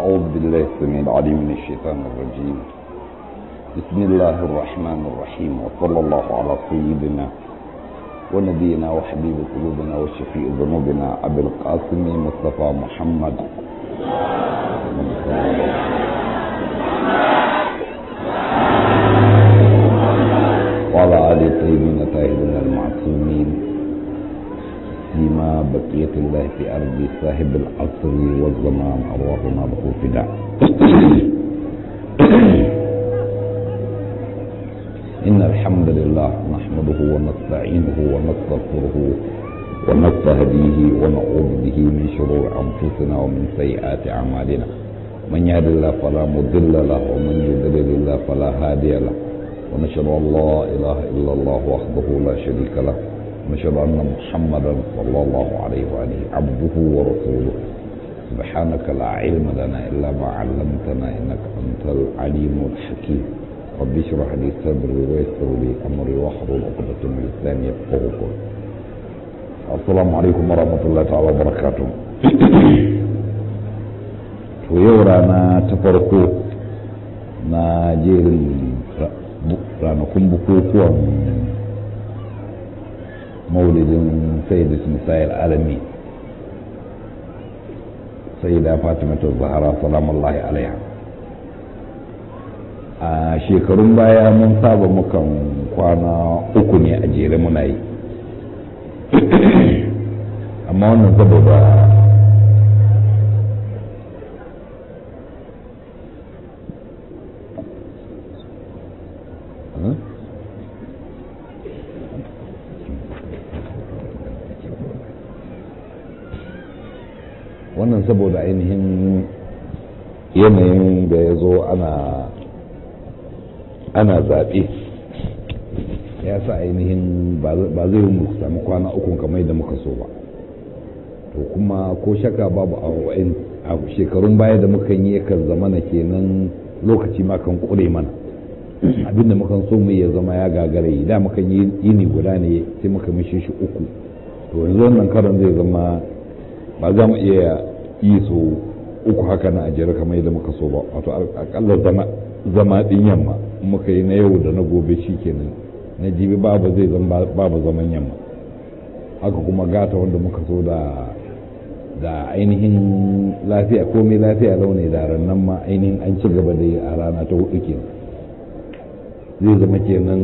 أعوذ بالله السميع العليم من الشيطان الرجيم بسم الله الرحمن الرحيم وصلى الله على سيدنا ونبينا وحبيب قلوبنا وشفيء ذنوبنا أبي القاسم مصطفى محمد وعلى آله الطيبين الطاهرين المعصومين فيما بقية الله في أرض صاحب العصر والزمان أرواحنا له فداء إن الحمد لله نحمده ونستعينه ونستغفره ونستهديه ونعوذ به من شرور أنفسنا ومن سيئات أعمالنا من يهد الله فلا مضل له ومن يضلل الله فلا هادي له ونشهد أن لا إله إلا الله وحده لا شريك له ونشهد أن محمدا صلى الله عليه وآله عبده ورسوله سبحانك لا علم لنا إلا ما علمتنا إنك أنت العليم الحكيم رب اشرح لي صدري ويسر لي أمري واحلل عقدة من لساني يفقه السلام عليكم ورحمة الله تعالى وبركاته to yau rana ta farko na jerin ranakun maulidin sayyidus nisa'il alami sayyida fatimatu zahara salamullahi alaiha a shekarun baya mun saba mukan kwana uku ne a jere muna yi amma wannan saboda wannan saboda ainihin yanayin da ya zo ana ana zaɓe ya sa ainihin ba zai yi muku sami kwana uku kamar da muka so ba to kuma ko shaka babu a shekarun baya da muka yi kan zama na kenan lokaci ma kan kure mana abinda muka so mu ya zama ya gagare da muka yi yini guda ne sai muka mishi shi uku to yanzu wannan karon zai zama ba za mu iya yi so uku haka na ajiyar kamar yadda muka so ba wato akalla zama din yamma muka yi na yau da na gobe shi kenan na jibi babu zai zama babu zaman yamma haka kuma gata wanda muka so da da ainihin lafiya komai lafiya launi da ranar ma ainihin an ci gaba da yi a rana ta hudu kenan zai zama kenan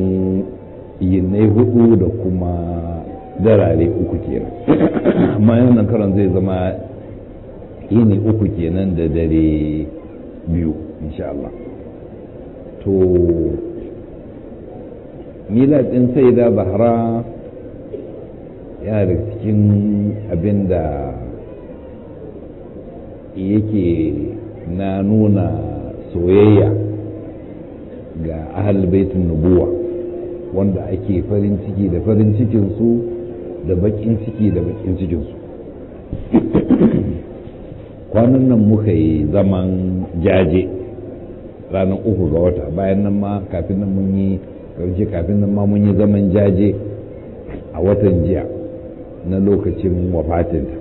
yinai hudu da kuma darare uku kenan amma yanzu karan zai zama ne uku kenan da dare biyu insha Allah to milad ɗin sai da bahra yana da cikin abin da yake na nuna soyayya ga ahal baitin nubuwa wanda ake farin ciki da farin cikinsu da bakin ciki da bakin cikinsu kwanan nan muka yi zaman jaje ranar uku ga wata bayan nan ma kafin nan mun yi karshe kafin nan ma mun yi zaman jaje a watan jiya na lokacin wafatinta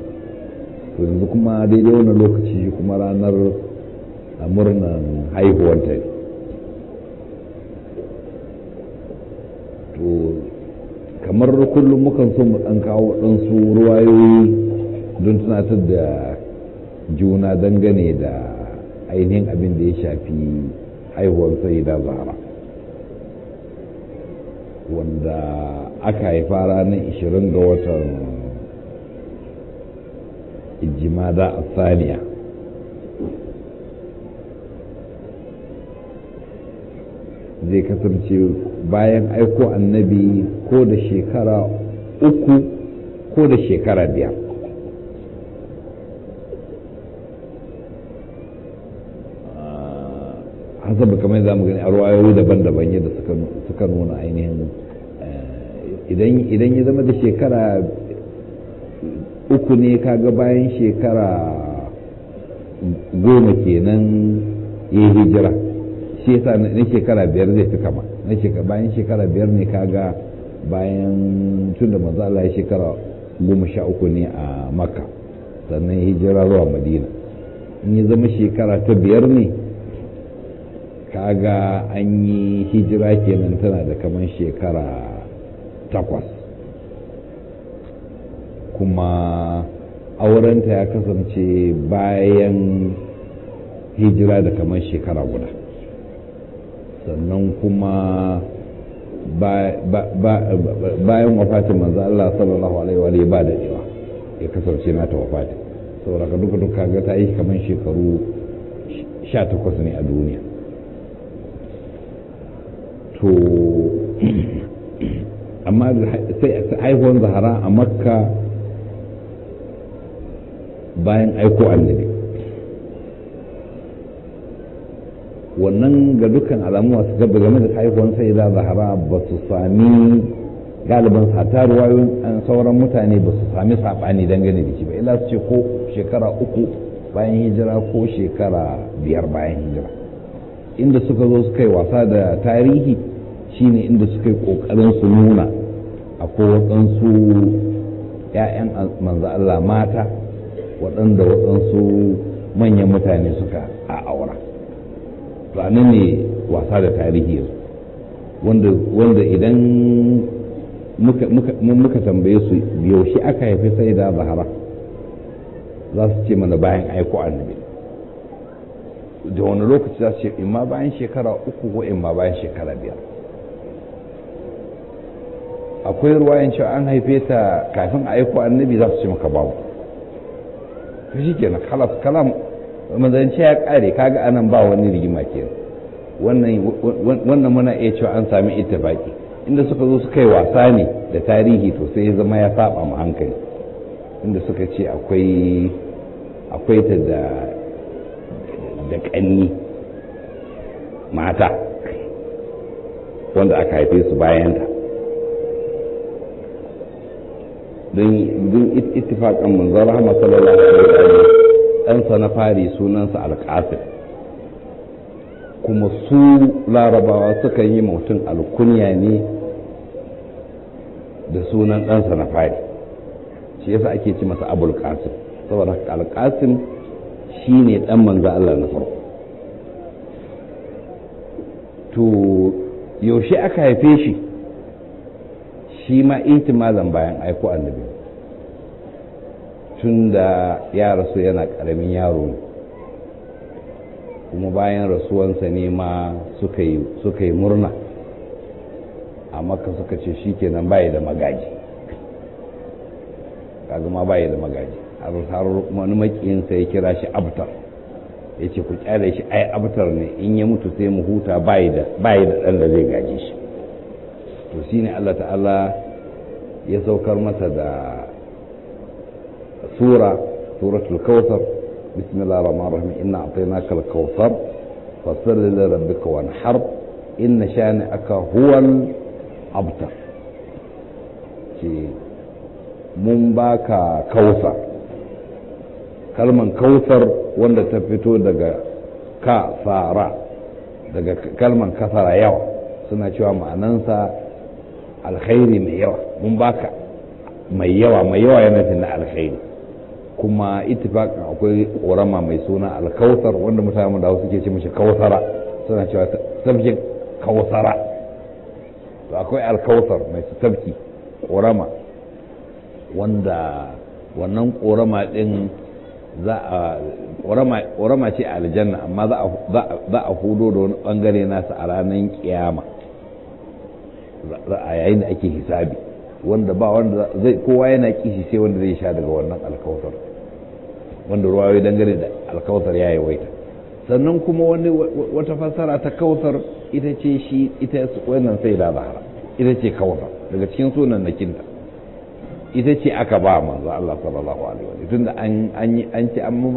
to yanzu kuma daidai wani lokaci kuma ranar murnan haihuwanta ne to kamar kullum mukan so mu ɗan kawo ɗansu ruwayoyi don tunatar da juna dangane da ainihin abin da ya shafi haihuwar sai da zara wanda aka haifa ranar 20 ga watan ijimada a saniya zai kasance bayan aiko annabi ko da shekara uku ko da shekara biyar hasab kamar za mu gani a ruwayoyi daban-daban yadda suka nuna ainihin eh, idan ya zama da shekara uku ne kaga bayan shekara goma kenan ya yi hijira shi yasa na shekara biyar zai fi kama bayan shekara biyar ne kaga bayan tun da manzo ya shekara goma sha uku ne a makka sannan hijira zuwa madina in ya zama shekara ta biyar ne kaga an yi hijira kenan tana da kamar shekara takwas kuma aurenta ya kasance bayan hijira da kamar shekara guda sannan kuma bayan wafatin manzo Allah sallallahu alaihi wa ba cewa ya kasance nata wafatin saboda duka duka ga ta yi kamar shekaru 18 ne a duniya to amma sai haihuwar zahara a makka bayan aiko annabi wannan ga dukkan alamu masu gaba game da haihuwan sai da zahara ba su sami galiban sata ruwayoyin an sauran mutane ba su sami saɓani dangane da shi ba ila su ce ko shekara uku bayan hijira ko shekara biyar bayan hijira inda suka zo suka yi wasa da tarihi shine inda suka yi ƙoƙarin su nuna akwai waɗansu 'ya'yan manzo Allah mata waɗanda waɗansu manyan mutane suka a aura rana ne wasa da tarihi wanda wanda idan muka, muka, muka tambaye su yaushe aka haifi sai da zahara za su ce mana bayan aiko annabi da wani lokaci za su ce imma bayan shekara uku ko imma bayan shekara biyar akwai ruwayan cewa an haife ta kafin a aiko annabi za su ce maka babu ta shi kenan kalas kalam mazance ya kare kaga anan ba wani rigima kenan wannan muna iya cewa an sami ita baki inda suka zo suka yi wasa ne da tarihi to sai zama ya saba mu hankali inda suka ce akwai ta da da ƙanni mata wanda aka haife su bayanta don yin manzon manzara sallallahu alaihi ɗansa na fari sunansa alƙasir kuma su larabawa suka yi mutum alkunya ne da sunan ɗansa na fari shi yasa ake ci masa abul saboda alƙasim shi ne ɗan manzo Allah na farko to yaushe aka haife shi shi ma itimazan bayan aiko annabi tun da ya rasu yana ƙaramin yaro ne kuma bayan rasuwansa ne ma suka yi murna a maka suka ce shi kenan bayi da magaji kagama bayi da magaji har wani makiyinsa ya kira shi abtar ya ce ku kyale shi ai abtar ne in ya mutu sai mu huta bayi da ɗan da zai gaji shi to shi ne allah ta'ala ya saukar masa da sura suratul kawthar bismillah rahman rahim inna a'tainaka al-kawthar fasalli li rabbika wanhar inna shani'aka huwal abtar ce mun baka kausa. kalman kausar wanda ta fito daga kasara daga kalman kasara yawa suna cewa ma'anansa alkhairi mai yawa mun baka mai yawa mai yawa yana na alkhairi kuma ittifaqin akwai ƙorama mai suna alkautsar wanda mutane da suke ce mishi kautsara suna cewa tafkin kautsara to akwai alkausar mai tafki ƙorama wanda wannan ƙorama ɗin za a ƙorama ce a aljanna amma za a hudo da wani ɓangare nasa a ranar kiyama a yayin da ake hisabi wanda ba wanda zai kowa yana kishi sai wanda zai sha daga wannan alkawtar wanda ruwa ya dangane da alkawtar ya waita sannan kuma wani wata fassara ta kautar ita ce shi ita wannan sai da zahara ita ce kautar daga cikin sunan na kinta. ita ce aka ba manzo Allah sallallahu alaihi wasallam tunda an an an ce an mun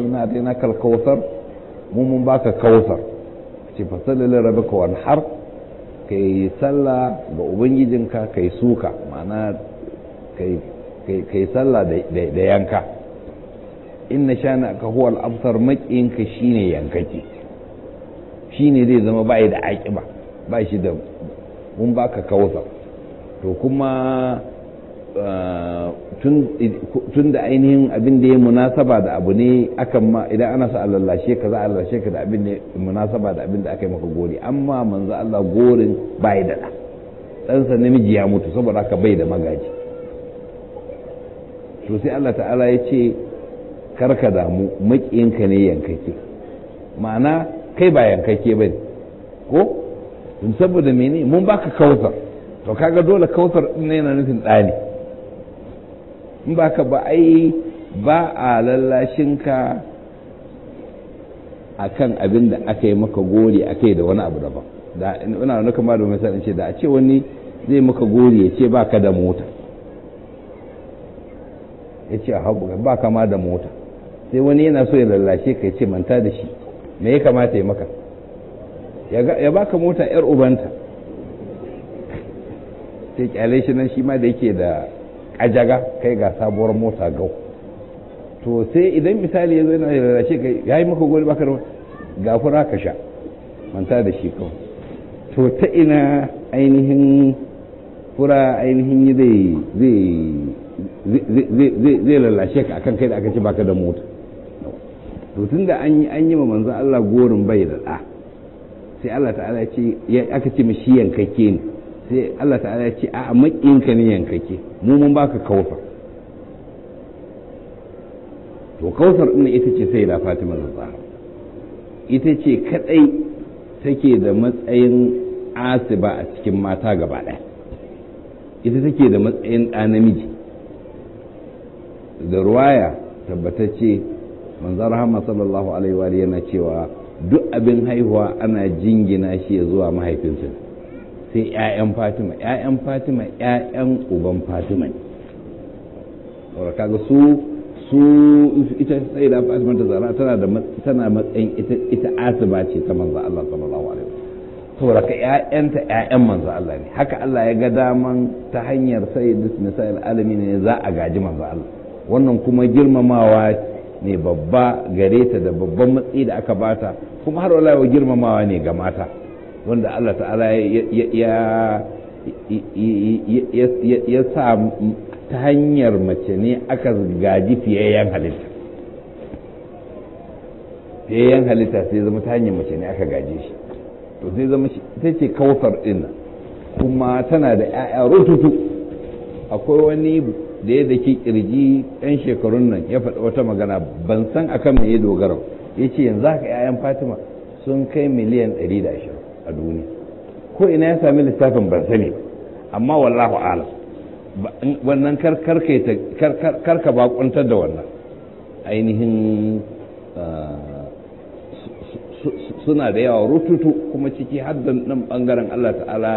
ina dai na kausar mu mun ka kausar ce fa sallallahu rabbika wan har kai sallah ga ubangijinka kai suka ma'ana kai kai kai sallah da yanka inna shana ka huwa al-absar ka shine yankake shine zai zama bai da aƙiba ba shi da mun ka kausar to kuma tun da ainihin abin da ya munasaba da abu ne akan ma idan ana sa lallashe ka za a ka da abin da ya munasaba da abin da aka yi maka gori amma manzo Allah gorin bai da da ɗansa namiji ya mutu saboda haka bai da magaji to sai Allah ta'ala ya ce karka damu ka ne yankake ma'ana kai ba yankake ba ko saboda mene mun baka kautar to kaga dole kautar ɗin yana nufin ɗani in ba ka ba ai ba a lallashinka a kan abin da aka yi maka gori a kai da wani abu daban da ina wani kama da wani ce da a ce wani zai maka gori ya ce ba ka da mota ya ce a ba kama da mota sai wani yana so ya lallashe ka ya ce manta da shi me ya kamata ya maka ya baka mota yar ubanta sai kyale shi nan shi ma da yake da ajaga kai ga sabuwar mota gau to sai idan misali ya zai yana da rashe kai yi maka gol baka ga fura ka sha manta da shi kawai to ta ina ainihin fura ainihin yi zai zai lalashe ka akan kai da aka ce baka da mota to tun da an yi an yi ma manzon Allah gorin bai da da sai Allah ta'ala ya ce aka ce mishi yankakke ne sai Allah ta'ala ya ce a maƙinka ne yankake mu mun baka kawfar to kawfar ɗin ita ce sai da Fatima Zahra ita ce kadai take da matsayin asiba a cikin mata gaba ɗaya ita take da matsayin ɗa namiji da ruwaya tabbatacce manzan rahama sallallahu alaihi wa yana cewa duk abin haihuwa ana jingina shi zuwa mahaifinsa sai 'ya'yan fatima 'ya'yan fatima 'ya'yan uban fatima ne ga su su ita sai da fatima da zara tana da tana matsayin ita ita asiba ce ta manzo Allah sallallahu alaihi wasallam ka ‘ya’yan ta ‘ya’yan manzo Allah ne haka Allah ya ga daman ta hanyar sai sayyidus nisa'il alamin ne za a gaji manzo Allah wannan kuma girmamawa ne babba gare ta da babban matsayi da aka bata kuma har wala girmamawa ne ga mata wanda Allah ta'ala ya sa ta hanyar mace ne aka gaji fiyayyen halitta fiyayyen halitta sai zama ta hanyar mace ne aka gaje shi to sai zama ta ce kawfar din kuma tana da 'ya'ya rututu akwai wani da ya daki kirji 'yan shekarun nan ya faɗi wata magana ban san akan me ya dogara ya ce yanzu haka 'ya'yan fatima sun kai miliyan ɗari da ashirin. a duniya ko ina ya sami lissafin ban sani amma wallahu ala wannan karka bakuntar da wannan ainihin ah, suna da yawa rututu kuma ciki har nan bangaren Allah ta'ala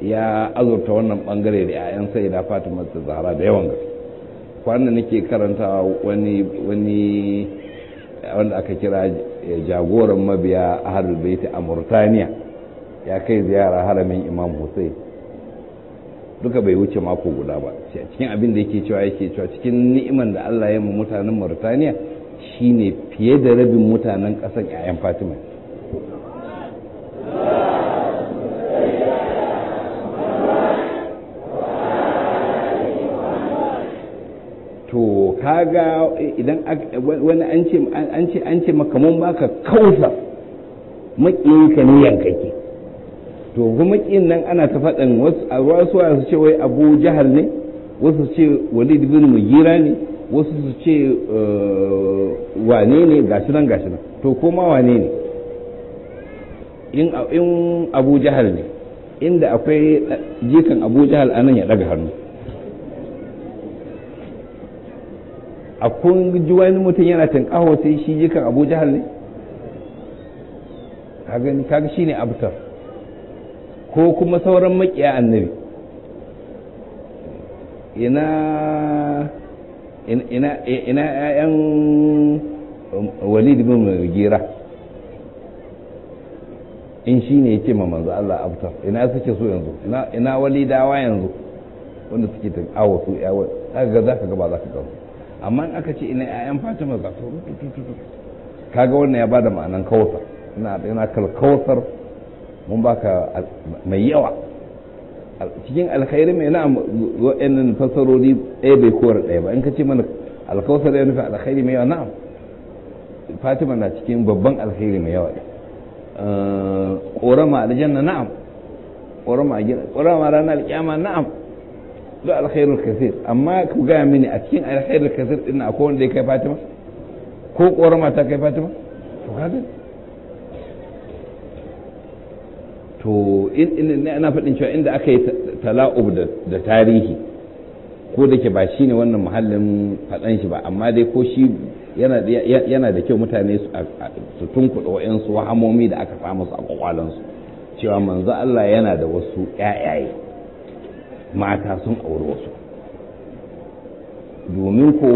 ya azurta wannan bangare da 'ya'yan sai da fatima ta zahra da yawan gaske kwana nake karanta wani wani wanda aka kira jagoran mabiya ahlul Bait a Murtaniya ya kai ziyara haramin imam hussein duka bai wuce mako guda ba cikin abin da yake cewa yake cewa cikin ni'iman da Allah ya mu mutanen shi shine fiye da rabin mutanen ƙasar yayan Fatima to kaga idan wani an ce maka mun baka kausa makiyinka ne yankake to kuma kin nan ana ta faɗan wasu wasu ce wai abu jahal ne wasu ce walid bin mugira ne wasu su ce eh, wane ne gashi nan gashi nan to koma wane ne in abu jahal ne inda akwai jikan abu jahal anan ya daga hannu a kun ji wani mutum yana tankawa sai shi jikan abu jahal ne kaga shi ne abutar. ko kuma sauran makiya annabi ina ina ina ƴaƴan walid bin mugira in shi ne yake ma manzo Allah abtar ina suke so yanzu ina ina walidawa yanzu wanda suke ta awo su yawo kaga za ka ga ba za ka ga amma in aka ce ina ƴaƴan Fatima za su kaga wannan ya bada ma'anan kawsar ina ina kal kawsar mun baka mai yawa cikin alkhairi mai na'am wa'annan fasarori ɗaya bai kowar ɗaya ba in ka ce mana alkawasar ya nufin alkhairi mai yawa na'am fatima na cikin babban alkhairi mai yawa eh, ƙorama aljanna na'am ƙorama a gina ƙorama ranar alƙiyama na'am duk alkhairul kasir amma ku gaya mini a cikin alkhairul kasir ɗin akwai wanda ya kai fatima ko ƙorama ta kai fatima to kaga to ina faɗin cewa inda aka yi tala'ub da tarihi ko da ke ba shi ne wannan muhallin faɗan shi ba amma dai ko shi yana da kyau mutane su tunkuɗa wa'insu wahamomi da aka samu su a kwakwalansu cewa manzo Allah yana da wasu ƴaƴaye mata sun auri wasu domin ko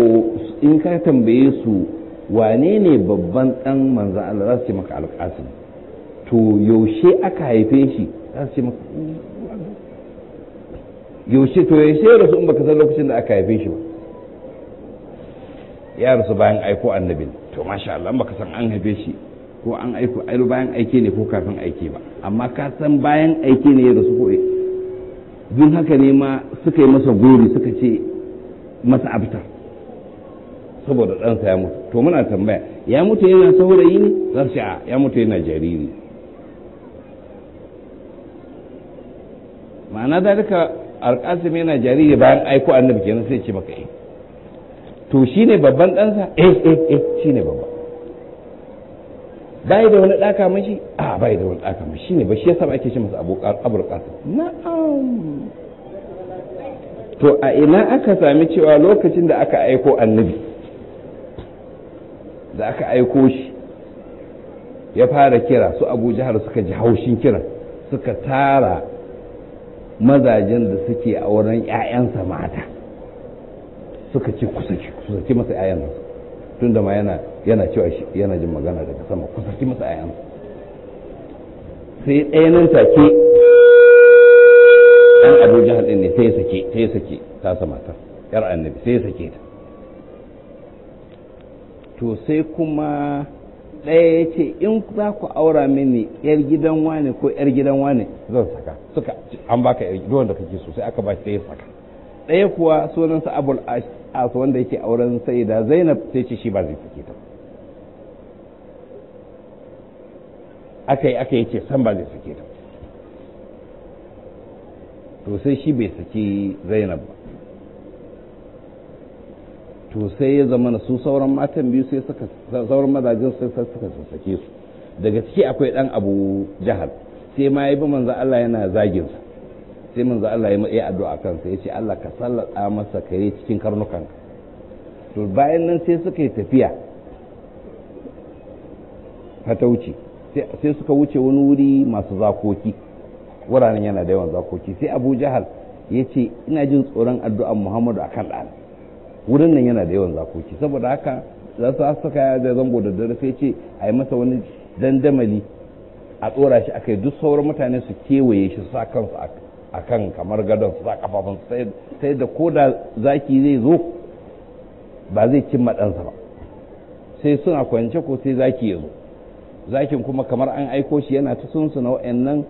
in ka tambaye su wane ne babban ɗan manzo Allah za su ce maka alƙasim to yaushe aka haife shi an ce yaushe to yaushe ya rasu in baka san lokacin da aka haife shi ba ya rasu bayan aiko annabin to masha Allah in baka san an haife shi ko an aiko ai bayan aike ne ko kafin aike ba amma ka san bayan aike ne ya rasu ko dun haka ne ma suka yi masa gori suka ce masa abtar saboda ɗansa ya mutu to muna tambaya ya mutu yana saurayi ne zarsha ya mutu yana jariri ma'ana da duka alƙasim yana jariri bayan aiko annabi kenan sai ce maka eh to shine babban ɗansa eh eh eh shine babba bai da wani ɗaka mashi a ah, bai da wani ɗaka mashi shine ba shi yasa ba ake ce masa abul qasim na'am to a ina aka sami cewa lokacin da aka aiko annabi da aka aiko shi ya fara kira su abu jihar suka ji haushin kiran suka tara mazajen da suke a wurin 'ya'yansa mata suka ce kusaci masa 'ya'yansa tun da ma yana cewa yana jin magana daga sama kusaci masa 'ya'yansa sai ɗaya nan take ɗan abu jihar ɗin ne sai ya sake sai ya sake tasa mata yar annabi sai ya sake ta to sai kuma ɗaya ya ce in za ku aura mini yar gidan wane ko yar gidan wane zan saka suka an baka yar gidan wanda kake so sai aka ba shi ɗaya saka ɗaya kuwa sunansa abul as wanda yake auren saida zainab sai ce shi ba zai sake ta aka yi aka yi ce san ba zai sake ta to sai shi bai saki zainab ba to sai ya zama su sauran matan biyu sai suka sauran mazajen sai suka sassake su daga ciki akwai dan abu jahal sai ma ya bi manzo Allah yana zagin sa sai manzo Allah ya yi addu'a kansa ya ce Allah ka sallata masa kare cikin karnukan to bayan nan sai suka yi tafiya ta wuce sai suka wuce wani wuri masu zakoki wuraren yana da yawan zakoki sai abu jahal ya ce ina jin tsoron addu'an muhammadu akan ɗana wurin nan yana da yawan zakoki saboda haka za su saka ya da zango da dare sai ce a yi masa wani dandamali a tsora shi akai duk sauran mutane su kewaye shi sa kansu a kan kamar gadon su sa kafafun sai da ko da zaki zai zo ba zai cin maɗansa ba sai suna kwance ko sai zaki ya zo zakin kuma kamar an aiko shi yana ta sun suna wa'annan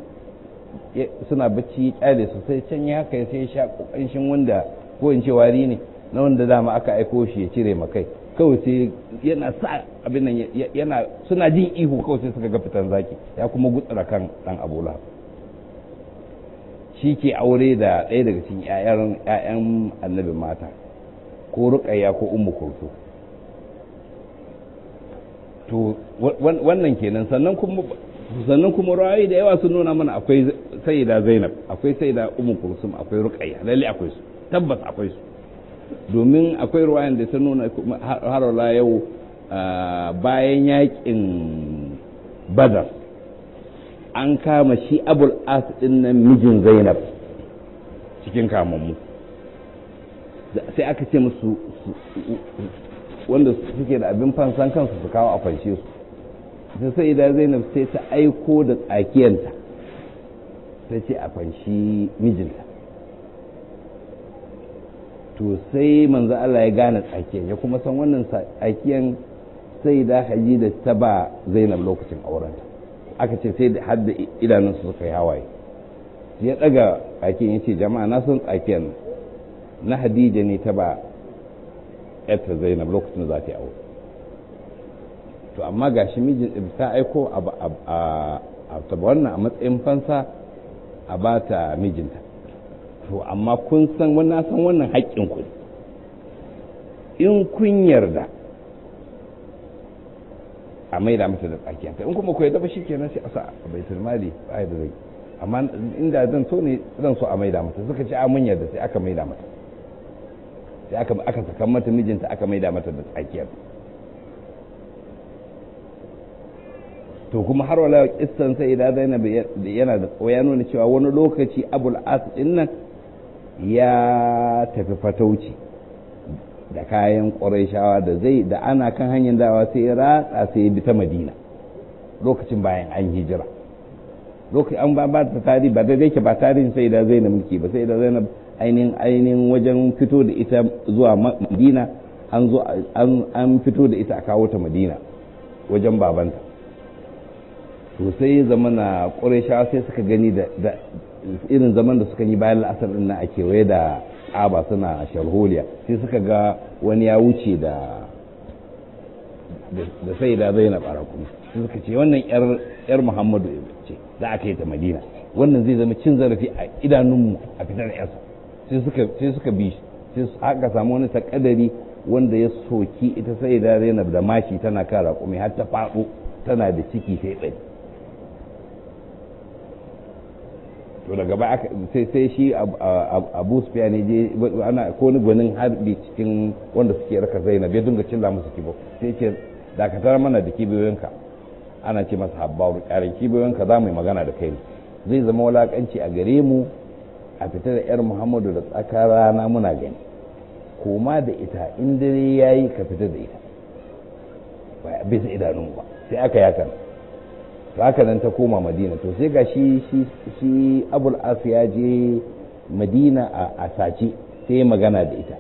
suna bacci ya kyale su sai can ya kai sai ya sha ƙanshin wanda ko in ce wari ne na wanda dama aka aiko shi ya cire makai kawai sai yana sa abin nan yana suna jin ihu kawai sai suka ga fitan zaki ya kuma gutsara kan dan abola shi ke aure da ɗaya daga cikin ƴaƴan annabi mata ko ruƙayya ko ummu kurtu to wannan kenan sannan kuma sannan kuma ra'ayi da yawa sun nuna mana akwai sayyida zainab akwai sayyida ummu kursum akwai ruƙayya lalle akwai su tabbas akwai su domin akwai ruwayan da ta nuna harola yau bayan yakin badar an kama shi abul as din nan mijin zainab cikin kamammu sai aka ce musu wanda suke da abin fansan kansu su kawo a fanshe su sai idan zainab sai ta aiko da tsakiyanta ta ce a fanshi mijinta to sai manzo Allah ya gane tsakiyan ya kuma san wannan tsakiyan sai da da ta ba Zainab lokacin aurenta aka ce sai da hadda idanunsu suka yi hawaye ya daga tsakiyan ya ce jama'a na san tsakiyan na hadija ne ta ba Zainab lokacin da za ta yi aure to amma gashi mijin ta aiko a ta wannan a matsayin fansa a ba ta mijinta to amma kun san wannan san wannan haƙƙin ku in kun yarda a da mata da ta in kuma ku yarda ba kenan sai a sa a bai mali ba da zai amma inda zan so ne zan so a da mata suka ce a mun yarda sai aka da mata sai aka aka saka mata mijinta aka da mata da tsakiyar to kuma har wala kissan sai idan Zainab yana da ya nuna cewa wani lokaci Abul As din nan ya tafi fatauci da kayan ƙwarai da zai da ana kan hanyar dawa sai ya ratsa sai ya bi ta madina lokacin bayan an hijira lokacin an ba ta tarihi ba daidai ke ba tarihin sai da zai na mulki ba sai da zai na ainihin ainihin wajen fito da ita zuwa madina an zo an fito da ita a kawo ta madina wajen babanta to sai ya zama na ƙwarai sai suka gani da irin zaman da suka yi bayan la'asar din nan a kewaye da aba suna sharholiya sai suka ga wani ya wuce da da sai da zainab fara kuma sai suka ce wannan yar muhammadu ce za a kai ta madina wannan zai zama cin zarafi a idanunmu a fitar yarsa sai suka sai suka bi sai aka samu wani takadari wanda ya soki ita sai da zainab da mashi tana kara kuma har ta faɗo tana da ciki sai ɗari to daga ba sai sai shi abu sufiya ne je ana ko ni gwanin harbi cikin wanda suke raka zainab ya dinga cilla musu kibo sai ce dakatar mana da kibiyoyinka ana ce masa habbaru ƙarin kibiyoyinka za mu yi magana da kai zai zama wulakanci a gare mu a fita da yar muhammadu da tsakar rana muna gani koma da ita in dare yi ka fita da ita bai bisa idanun ba sai aka yakan haka nan ta koma madina to sai ga shi shi abul ya je madina a sace sai magana da ita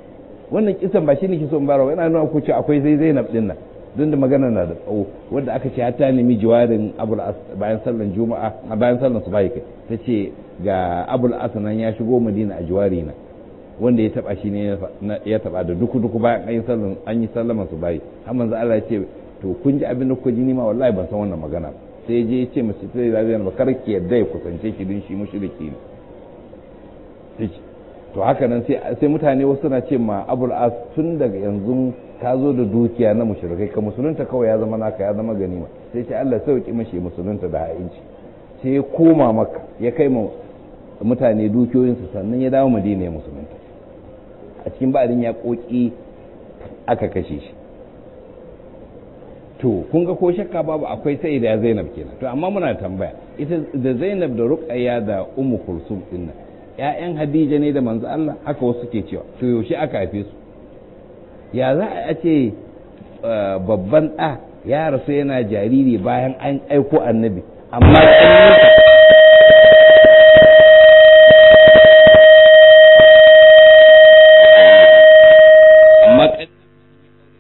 wannan kisan ba shi ne shi son barawa yana nuna ko ce akwai zai na din nan don da magana na da tsawo wanda aka ce ta nemi jiwarin abul as bayan sallan juma'a a bayan sallan bai kai ta ce ga abul as nan ya shigo madina a jiwari na wanda ya taba shi ne ya taba da duku duku bayan an yi sallan an yi sallama bai har manzo Allah ya ce to kun ji abin da kuka ji ni ma wallahi ban san wannan magana ba sai je ce mace ta zabi ba kar ki yadda ya kusance ki din shi ke ne to haka nan sai mutane wasu suna ce ma abul as tun daga yanzu ka zo da dukiya na mushrikai ka musulunta kawai ya zama naka ya zama ganima sai ce Allah sauki mashi musulunta da ha'inci sai ya koma maka ya kai ma mutane dukiyoyinsu sannan ya dawo madina ya musulunta a cikin ba'adin ya koki aka kashe shi to kun ga ko shakka babu akwai sai da Zainab kenan to amma muna tambaya ita da Zainab da Ruqayya da Ummu Kulsum dinna ƴaƴan Hadija ne da manzo Allah haka wasu suke cewa to yaushe aka haife su ya za a ce eh, babban da ya rasu yana jariri bayan an aiko annabi amma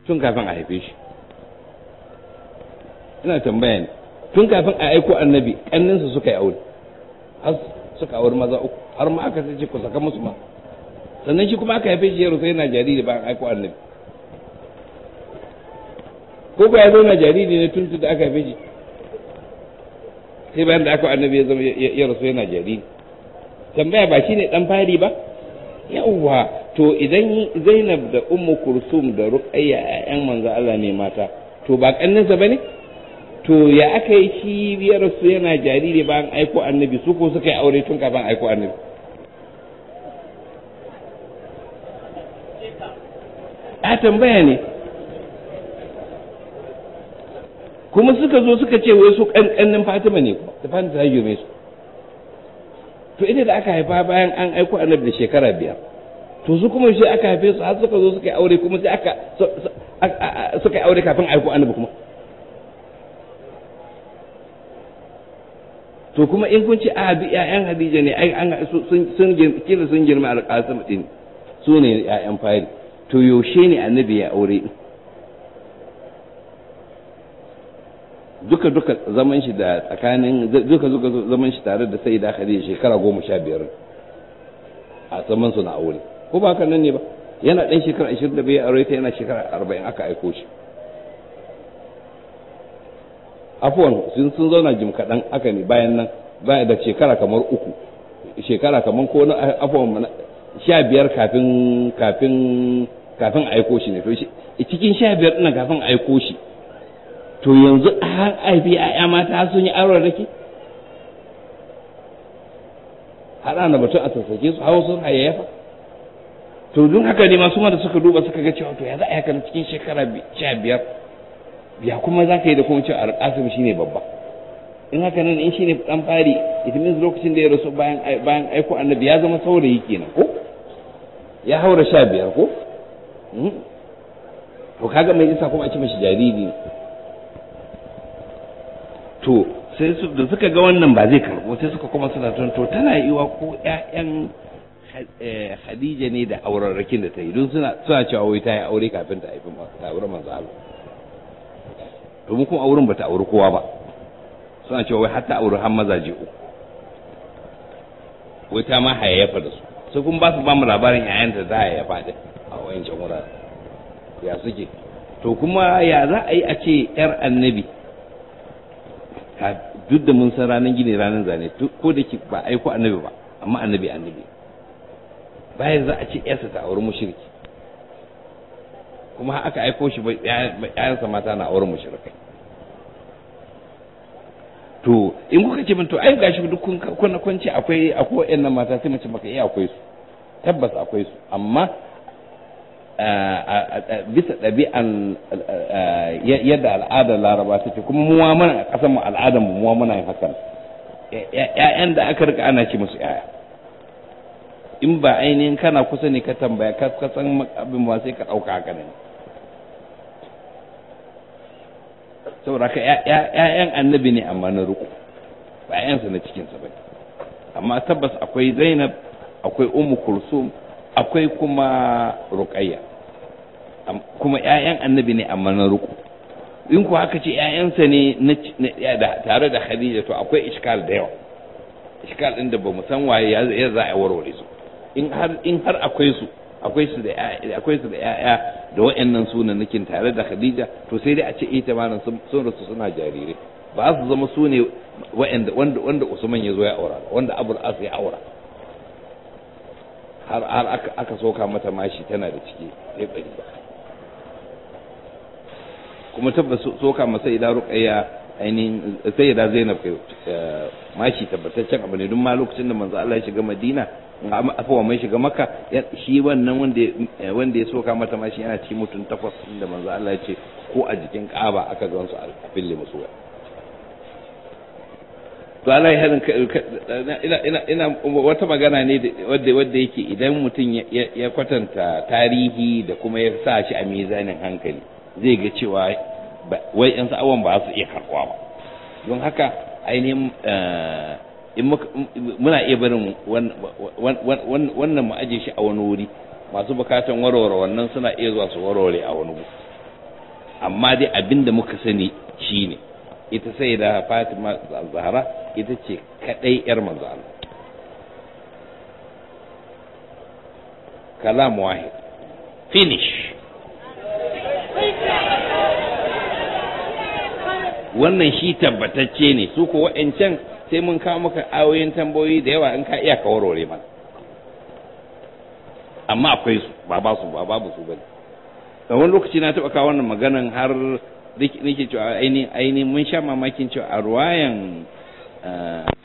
tun kafin a haife shi ina tambaya ne tun kafin a aiko annabi kanninsa suka yi aure har suka aure maza uku har ma aka sace ku saka musu ma sannan shi kuma aka haife shi yaro sai yana jariri ba aiko annabi ko ba ya zauna jariri ne tun da aka haife shi sai bayan da aka annabi ya zama yaro rasu yana jariri tambaya ba shine dan fari ba yawwa to idan Zainab da Ummu Kulsum da Ruqayya yan manzo Allah ne mata to ba kannansa bane to ya aka yi shi ya su yana jariri ba an aiko annabi su ko suka yi aure tun kafin aiko annabi a tambaya ne kuma suka zo suka ce wai su kankanin fatima ne da fatima ta yi su to ita da aka haifa bayan an aiko annabi da shekara biyar to su kuma shi aka haife su har suka zo suka yi aure kuma sai aka suka yi aure kafin aiko annabi kuma to kuma in kun ce a bi ƴaƴan Hadija ne ai an sun sun kila sun girma Qasim din su ne ƴaƴan fari to yaushe ne annabi ya aure duka duka zaman shi da tsakanin duka duka zaman shi tare da Sayyida da Khadija shekara goma sha biyar a zaman su na aure ko ba haka nan ne ba yana ɗan shekara ashirin da bai aure ta yana shekara arba'in aka aiko shi afuwan sun sun zauna jim kaɗan aka ne bayan nan baya da shekara kamar uku shekara kamar ko na afuwan sha biyar kafin kafin kafin aiko shi ne to cikin sha biyar ɗin kafin aiko shi to yanzu har aibi a mata sun yi da ke har ana batun a sassake su hawa sun fa to don haka ne masu ma da suka duba suka ga cewa to ya za a yi haka cikin shekara sha biyar ya kuma za ka yi da kuma cewa alƙasim ne babba in haka nan in ne ɗan fari it means lokacin da ya rasu bayan aiko annabi ya zama saurayi kenan ko ya haura sha biyar ko hmm? to kaga mai isa kuma a ci mashi jariri to sai su da suka ga wannan ba zai karbo sai suka kuma suna tun to tana yiwa ko ƴaƴan eh, Khadija ne da auren rakin da ta yi don suna suna cewa wai ta yi aure kafin ta haifi ta aure manzo Allah domin kuma auren bata auri kowa ba suna cewa wai hatta auri har mazaje uku wai ta ma hayayyafa da su sai kuma ba su ba mu labarin yayan da za a yayyafa din a wayan wurare ya suke to kuma ya za a yi a ce yar annabi duk da mun san ranar gini ranar zane ko da ki ba aiko annabi ba amma annabi annabi bayan za a ce yasa ta auri mushriki kuma aka aiko shi ya'yansa mata na auren mushrikai to in kuka ce min to ai gashi duk kun kun kun ce akwai akwai wayannan mata sai mace maka iya eh akwai su tabbas akwai su amma bisa ɗabi'an yadda al'ada laraba ta ce kuma muwa mana a ƙasar mu al'adar mu muwa mana yin hakan ƴaƴan da aka rika ana ce musu ƴaƴa in ba ainihin kana kusa ne ka tambaya ka san abin ba sai ka ɗauka haka ne saboda ka ƴaƴan annabi ne amma na ruku ba ƴaƴansa na cikinsa ba amma tabbas akwai zainab akwai ummu kulsum akwai kuma ruqayya kuma ƴaƴan annabi ne amma na ruku in ku haka ce ƴaƴansa ne tare da khadija to akwai iskal da yawa iskal ɗin da ba mu san waye ya za a warware su in har akwai su akwai su da ƴaƴa da wa'annan sunannakin tare da Khadija to sai dai a ce ita malam sun rasu suna jarirai. ba su zama sune ne wanda wanda Usman ya zo ya aura wanda Abul As ya aura har har aka aka soka mata mashi tana da ciki sai bari kuma tabbas soka masa ila ruqayya ainihin da zainab kai eh, mashi tabbataccen abu ne duk ma lokacin da manzo Allah ya shiga madina afuwa mai shiga maka shi wannan eh, wanda ya soka mata mashi yana cikin mutum takwas da manzo Allah ya ce ko a jikin kaba aka ga wasu a fille musu to Allah ya harin ina ina ina wata magana ne wadda wanda yake idan mutum ya kwatanta tarihi da kuma ya sa shi a mizanin hankali zai ga cewa wai in sa'awan ba su iya karɓuwa ba don haka ainihin eh, muna iya barin wannan mu aje shi a wani wuri masu bukatan warware wannan suna iya zuwa su warware a wani wuri amma dai abin da muka sani shi ne ita sai da fatima zahara ita ce kadai yar manzo Allah kalam wahid finish wannan shi tabbatacce ne su ko wa'ancan sai mun kawo maka ayoyin tambayoyi da yawa in ka iya ka warware mana amma akwai su ba ba su ba babu su bane da wani lokaci na taba kawo wannan maganan har nake cewa ainihin mun sha mamakin cewa a ruwayan eh,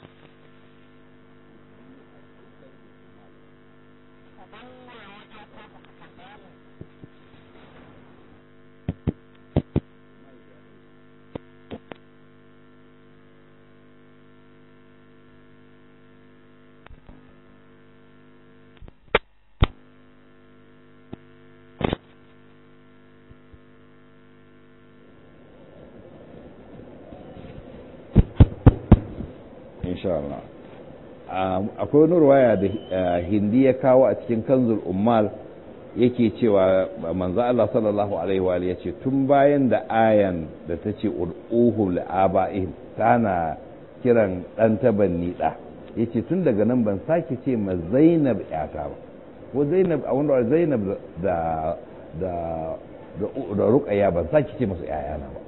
akwai wani ruwaya da eh, hindi ya kawo a cikin kanzul ummal yake cewa manzo Allah sallallahu alaihi wa ya ce tun bayan da ayan da ta ce ud'uhu li'aba'ihim tana kiran dan tabanni da yace tun daga nan ban sake ce ma Zainab yata ba ko Zainab a wanda Zainab da da da Ruqayya ban sake ce musu yayana ba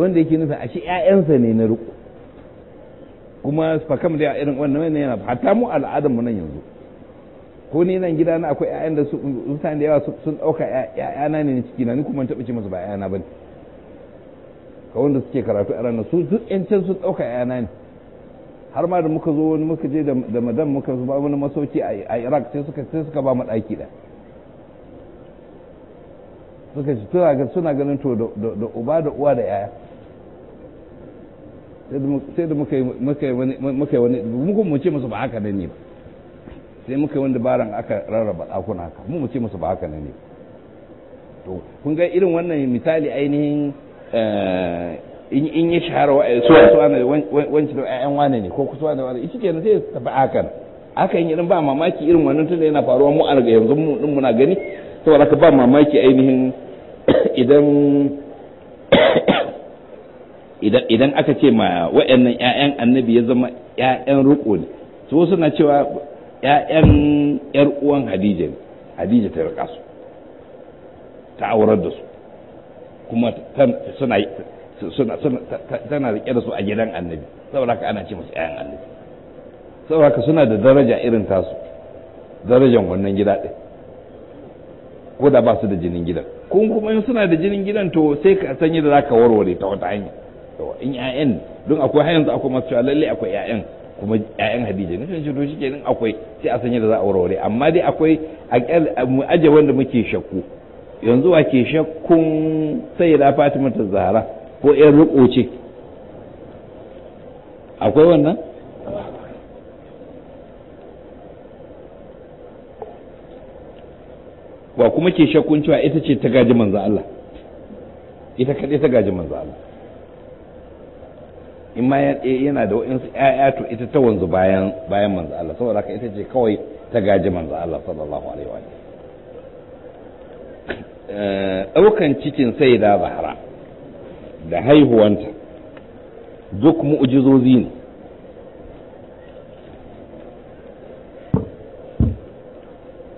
wanda yake nufin ashe yayansa ne na ruku kuma mu da irin wannan yana hatta mu al'adar mu nan yanzu ko ni nan gida na akwai ƴaƴan da su mutane da yawa sun ɗauka ƴaƴana ne ciki na ni kuma taɓa ce musu ba ƴaƴana bane ka wanda suke karatu a ranar su duk can sun ɗauka ƴaƴana ne har ma da muka zo wani muka je da madan muka ba wani masauki a Iraq sai suka sai suka ba mu ɗaki da suka ci suna ganin to da uba da uwa da ƴaƴa sai da muka yi wani mugun mu ce musu ba haka ne ba sai muka yi wani dabaran aka rarraba ɗakuna haka mu mu ce musu ba haka ne to kun ga irin wannan misali ainihin eh, in ya shahara su ana da ƴaƴan wane ne ko kusa wane wane shi kenan sai ta ba hakan aka yi irin ba mamaki irin wannan tunda yana faruwa mu a yanzu mu din muna gani saboda ka ba mamaki ainihin idan idan aka ce ma wa'annan 'ya'yan annabi ya zama 'ya'yan ruko ne su suna cewa 'ya'yan 'yar uwan hadija ne hadija ta raka su ta aurar da su kuma suna tana rike da su a gidan annabi saboda haka ana ce musu 'ya'yan annabi saboda haka suna da daraja irin tasu darajan wannan gida ɗin ko da ba su da jinin gidan kun kuma in suna da jinin gidan to sai ka sanya da zaka warware ta wata hanya in ƴaƴan don akwai har yanzu akwai masu cewa lalle akwai ƴaƴan kuma ƴaƴan Hadija ne shi to shikenan akwai sai a sanya da za a warware amma dai akwai mu aje wanda muke shakku yanzu wa ke shakkun sayyida Fatima ta Zahra ko ƴan ruko ce akwai wannan wa kuma ke shakkun cewa ita ce ta gaji manzo Allah ita kadai ta gaji manzo Allah in ma eh, yana da wa'insu ‘ya'ya to ita ta wanzu bayan bayan manzo Allah saboda haka ita ce kawai ta gaji manzo Allah sallallahu alaihi wa eh, ɗaukan cikin sai da zahara da haihuwanta duk mu'jizozi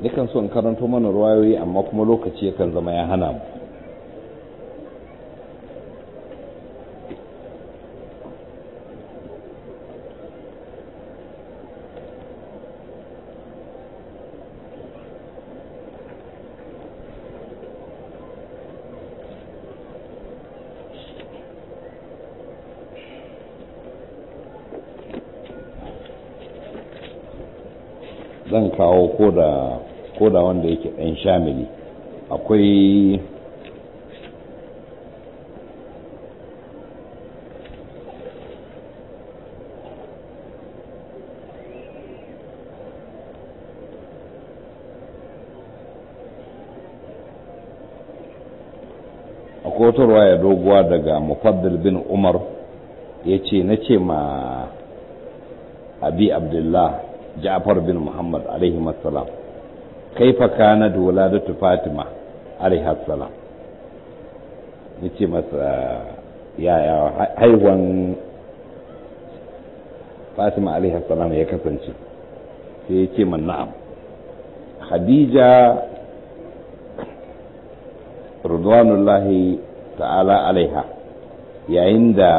ne dukan so in karanto mana ruwayoyi amma kuma lokaci yakan zama ya hana mu kawo ko da wanda yake ɗan shamili akwai Akwatarwa ya doguwa daga mufaddal bin umar ya ce na ce ma abi abdullah ja'far bin muhammad alaihi assalam kaifa da wuladatu fatima alaihi salam yace masa yaya haihuwan fatima alaihi salam ya kasance sai yace man na'am khadija ridwanullahi ta'ala alaiha yayin da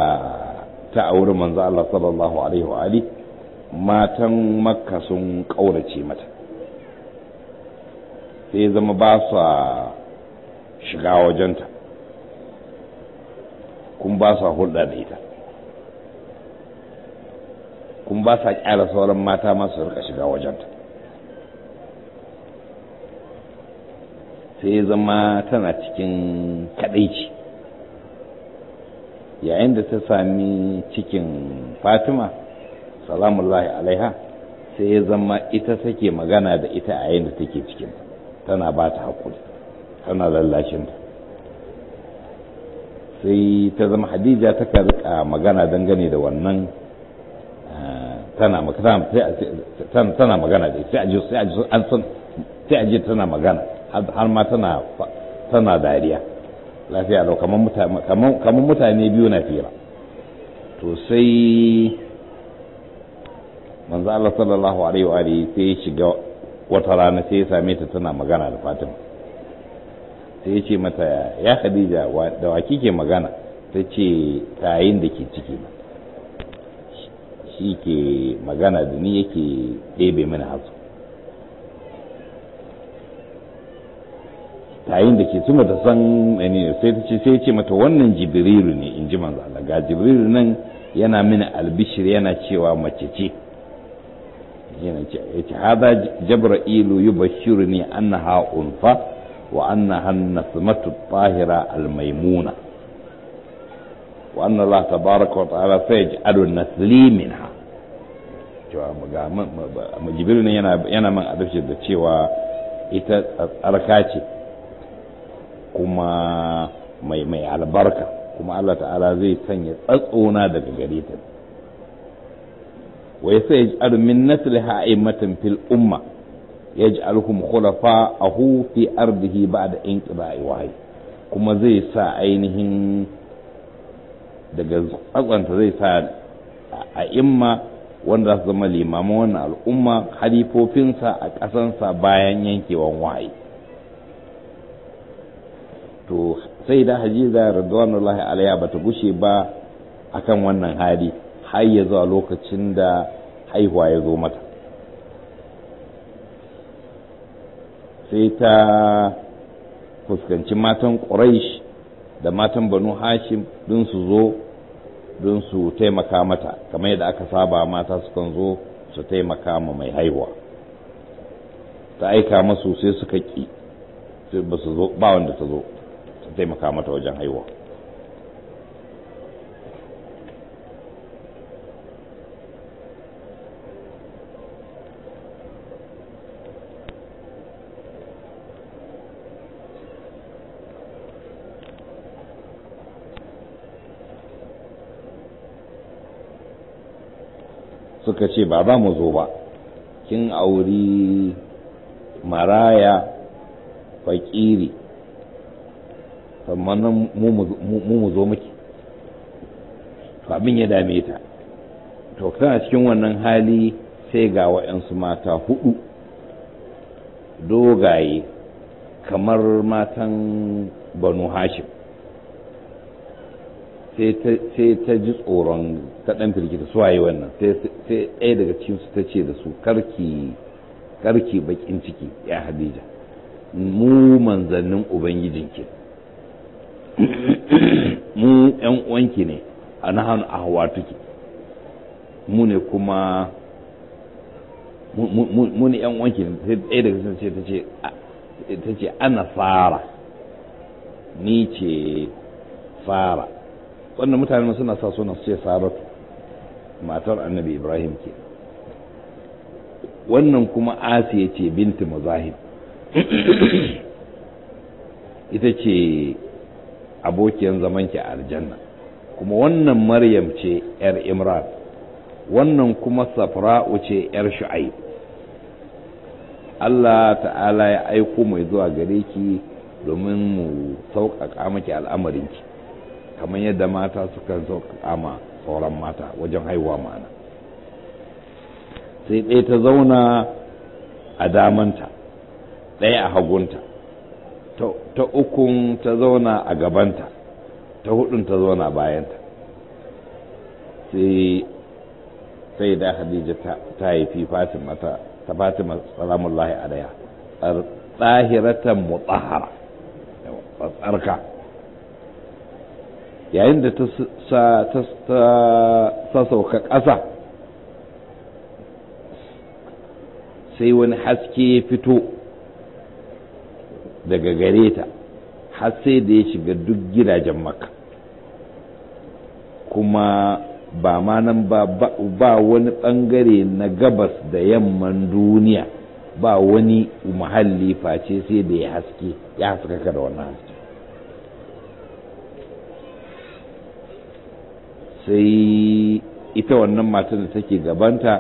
ta auri manzo Allah sallallahu alaihi wa alihi matan makka sun ƙaurace mata sai zama ba sa shiga wajenta kun ba sa hulɗa da ita kun ba sa ƙyara sauran mata masu rika shiga wajenta sai zama tana cikin kaɗaici yayin da ta sami cikin fatima salamullahi alaiha sai ya zama ita take magana da ita a yayin da take cikin tana ba ta haƙuri tana lallashin ta sai ta zama hadija ta rika magana dangane da wannan eh, tana magana da ita sai a ji an san sai a ji tana magana har ma tana dariya lafiya lau kamar mutane biyu na fira to sai manzo Allah sallallahu alaihi wa alihi sai ya shiga wata rana sai ya same ta tana magana da Fatima sai ya ce mata ya Khadija da wa kike magana ta ce tayin da ke ciki shi ke magana da ni yake ɗebe mini hasu tayin da ke tuma ta san ne sai ta ce sai ce mata wannan jibrilu ne in ji manzo Allah ga jibrilu nan yana mini albishir yana cewa mace ce yana ce yace hada jibril yubashiruni annaha unfa wa annaha an-nasmatu at-tahira al wa anna Allah wa ta'ala sayaj'alu cewa ne yana yana man adabci da cewa ita tsarka ce kuma mai mai albarka kuma Allah ta'ala zai sanya tsatsona daga gare ta wa sai yaj'alu min nasliha a'immatan fil umma khulafa ahu fi ardihi ba'da inqida'i wahai kuma zai sa ainihin daga tsantsanta zai sa a imma wanda za su zama limaman wannan al'umma halifofinsa a ƙasansa bayan yankewan wahayi to sai da hajiza radwanullahi alaiha bata gushe ba akan wannan hali har ya zuwa lokacin da haihuwa ya zo mata sai ta fuskanci matan ƙuraish da matan banu hashim don su zo don su taimaka mata kamar yadda aka saba mata su kan zo su taimaka ma mai haihuwa ta aika masu sai suka ƙi ba wanda ta zo ta taimaka mata wajen haihuwa suka ce ba za mu zo ba kin auri maraya fakiri sannan mu mu zo miki to abin ya dame ta to tana cikin wannan hali sai ga wa'yansu mata hudu dogaye kamar matan banu hashim sai ta ji tsoron ta ɗan firgita su waye wannan sai ɗaya daga cikinsu ta ce da su karki bakin ciki ya hadija mu manzannin ubangijinki mu yan uwanki ne a nahanu a hawa tuki mu ne kuma mu ne yan uwanki ne sai ɗaya daga cikinsu ce ta ce ana fara ni ce fara wannan mutanen suna sa suna su ce saratu matar annabi ibrahim ke wannan kuma asiya ce binti mazahib ita ce abokiyan ki a aljanna kuma wannan maryam ce 'yar imran wannan kuma safra'u ce 'yar shu'aib allah ta'ala ya aiko mai zuwa gare ki domin mu sauƙaƙa maki al'amarinki kamar yadda mata suka so ama sauran mata wajen haihuwa mana. sai ɗaya ta zauna a damanta ɗaya a hagunta ta ukun ta zauna a gabanta ta hudun ta zauna a bayanta sai sai da hadija ta haifi fatima ta fatima a daya tsahiratan mutsahara tsarka yayin da ta sauka ƙasa sai wani haske ya fito daga gare ta har sai da ya shiga duk gidajen maka kuma ba ma nan ba ba wani ɓangare na gabas da yamman duniya ba wani muhalli face sai da ya haske ya haskaka da wannan haske sai ita wannan matar da take gabanta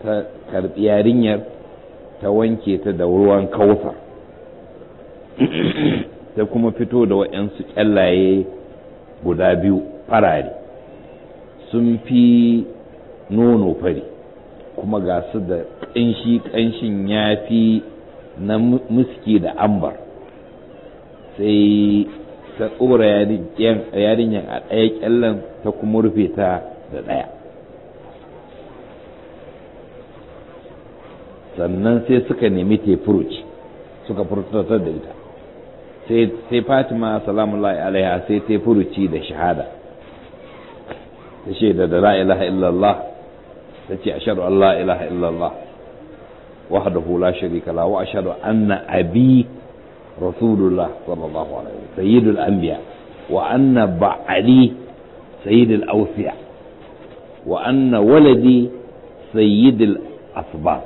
ta karbi yarinyar ta wanke ta da ruwan kawsa ta kuma fito da waɗansu ƙyallaye guda biyu farare sun fi nono fari kuma ga su da ƙanshi ƙanshin ya fi na muski da ambar sai ta tsora yarinyar a ɗaya ƙyallen ta kuma rufe ta da ɗaya sannan sai suka nemi tefuruci suka furtatar da ita sai fatima salamullahi alaiha sai tefuruci da shahada ta shaida da la ilaha illallah ta ce ashadu an la ilaha illallah hula la sharika wa ashadu anna abi rasulullah sallallahu alaihi wasallam sayyidul anbiya wa anna ba'ali sayyidul awsiya wa anna waladi sayyidul asbab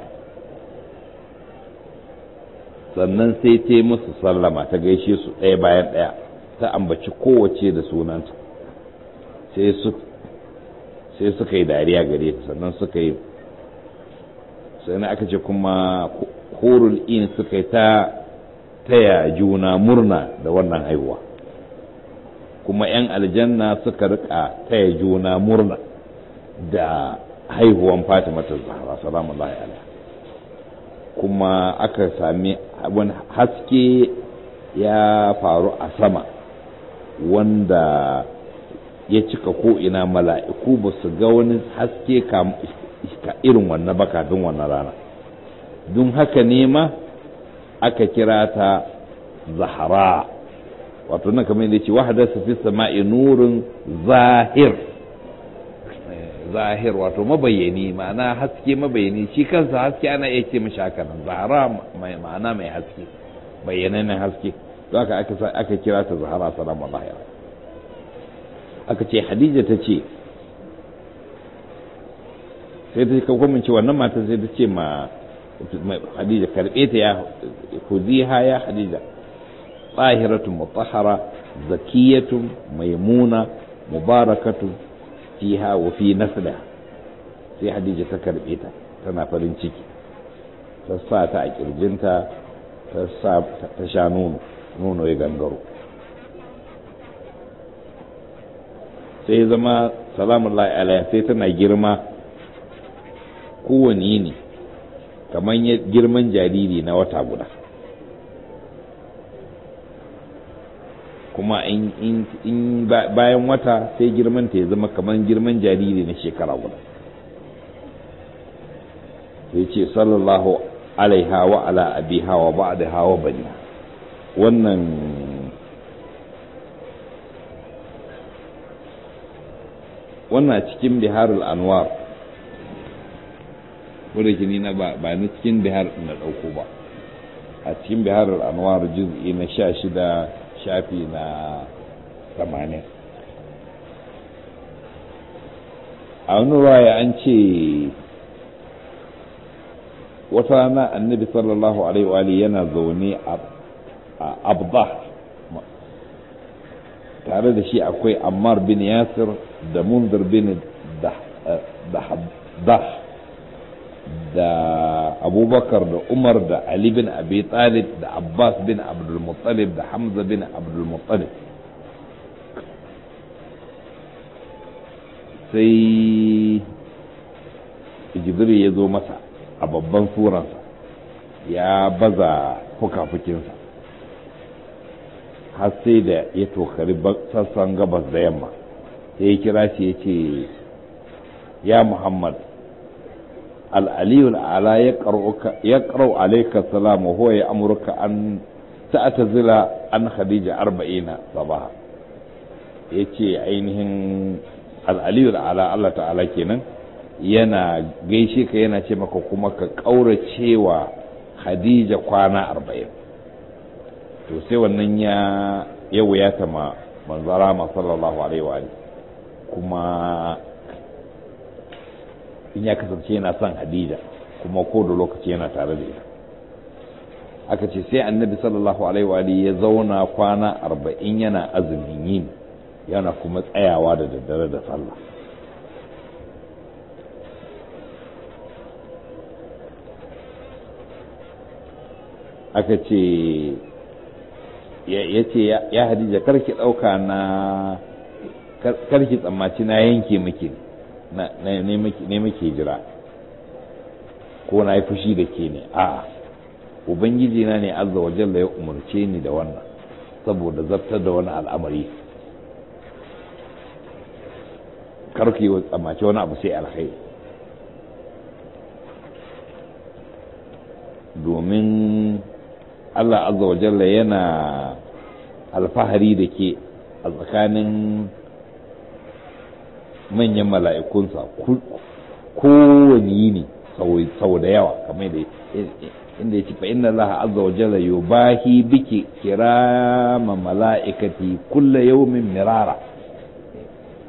sannan sai ta musu sallama ta gaishe su ɗaya bayan ɗaya ta ambaci kowace da sunanta sai su sai suka yi dariya gare ta sannan suka yi sannan aka ce kuma horul in suka yi ta taya juna murna da wannan haihuwa kuma 'yan aljanna suka rika taya juna murna da haihuwan ta zahra salamullahi alaiha kuma aka sami abin haske ya faru a sama wanda ya cika ko'ina mala'iku ba su ga wani haske ka irin wannan ba kafin wannan rana don haka ne ma aka kira ta zahara wato nan kamar yadda ce wahada su fi sama'i nurin zahir eh, zahir wato mabayani ma'ana haske mabayani shi kansa haske ana iya ce mashi haka nan zahara mai ma'ana mai haske bayyanannen haske to haka aka kira ta zahara salamu alaihi aka ce hadija ta ce sai ta ce mun ce wannan mata sai ta ce ma Khadija karbe ta ya kuziha ya Khadija tahiratun mutahhara zakiyatun maimuna mubarakatun fiha wa fi nasla sai Khadija ta karbe ta tana farin ciki ta sa ta a kirjinta ta ta sha nono nono gangaro sai zama salamun la'ala sai tana girma kowane yini kamar girman jariri na wata guda kuma in bayan wata sai girman ta ya zama kamar girman jariri na shekara guda sai ce sallallahu alaiha wa ala abiha wa ba'daha wa bani wannan wannan cikin biharul anwar wadda ke na ba na cikin bihar na ɗauko ba a cikin bihar anwar jizi na sha shida shafi na tamanin a wani raya an ce wata rana annabi sallallahu alaihi wa yana zaune a abba tare da shi akwai ammar bin yasir da munzir bin da eh, da abubakar da umar da ali bin abi talib da abbas bin abdulmuttalib da hamza bin abdulmuttalib sai jibril ya zo masa a babban suransa ya baza fuka-fukinsa har sai da ya tokari sassan gabas da yamma sai ya kira shi ya ce ya muhammad العلي الأعلى يقرأ يقرأ عليك السلام وهو يأمرك أن تعتزل عن خديجة saba ya yace ainihin al'aliyul ala Allah ta'ala kenan yana gaishe ka yana ce maka kuma ka ƙauracewa Khadija kwana arba'in to sai wannan ya ya ma manzara sallallahu alaihi wa kuma in ya kasance yana son hadija kuma ko da lokaci yana tare da ita aka ce sai annabi sallallahu alaihi wa ya zauna kwana arba'in yana azumin yin yana kuma tsayawa da daddare da sallah aka ce ya ce ya hadija karki ɗauka na karki tsammaci na yanke muke ne muke jira ko na yi fushi da ke ne a ubangiji na ne azza wajen ya umarce ni da wannan saboda zartar da wani al'amari karki wa tsamace wani abu sai alhai domin Allah azza wajen yana alfahari da ke a tsakanin manyan mala'ikunsa kowane yini sau da yawa kamar da inda ya ce fa inna Allah azza wa jalla yubahi biki kirama mala'ikati kulla yawmin mirara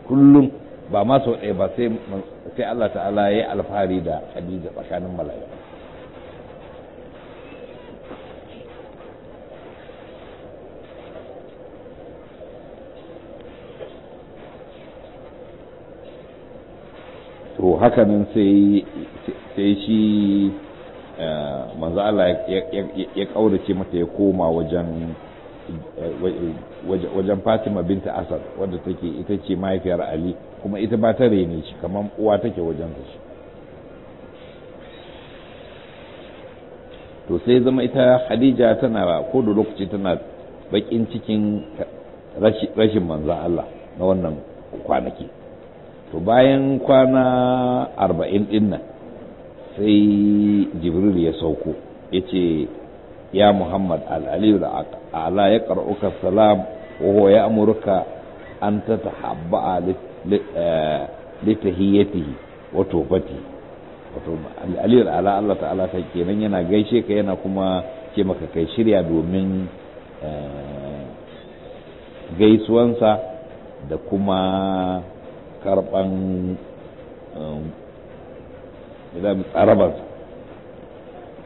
kullum ba ma sau ɗaya ba sai Allah ta'ala ya yi alfahari da hadisi tsakanin mala'iku to hakanan sai sai shi eh, manzo Allah ya kaurace mata ya koma wajen eh, wajen Fatima binta Asad wadda take ita ce mahaifiyar Ali kuma ita ba ta rene shi kamar uwa take wajen shi to sai zama ita Khadija tana ko da lokaci tana bakin cikin rashin manzo Allah na wannan kwanaki to bayan kwana arba'in dinnan sai jibril ya sauko ya ce ya muhammad al'aliyu da ala ya ƙar'uka salam ya amurka an ta a litahiyyatihi eh, wa tofatihi wato da ala Allah ta'ala ta kenan yana gaishe ka yana kuma ce maka kai shirya domin eh, gaisuwansa da kuma karban um, idan tsaraban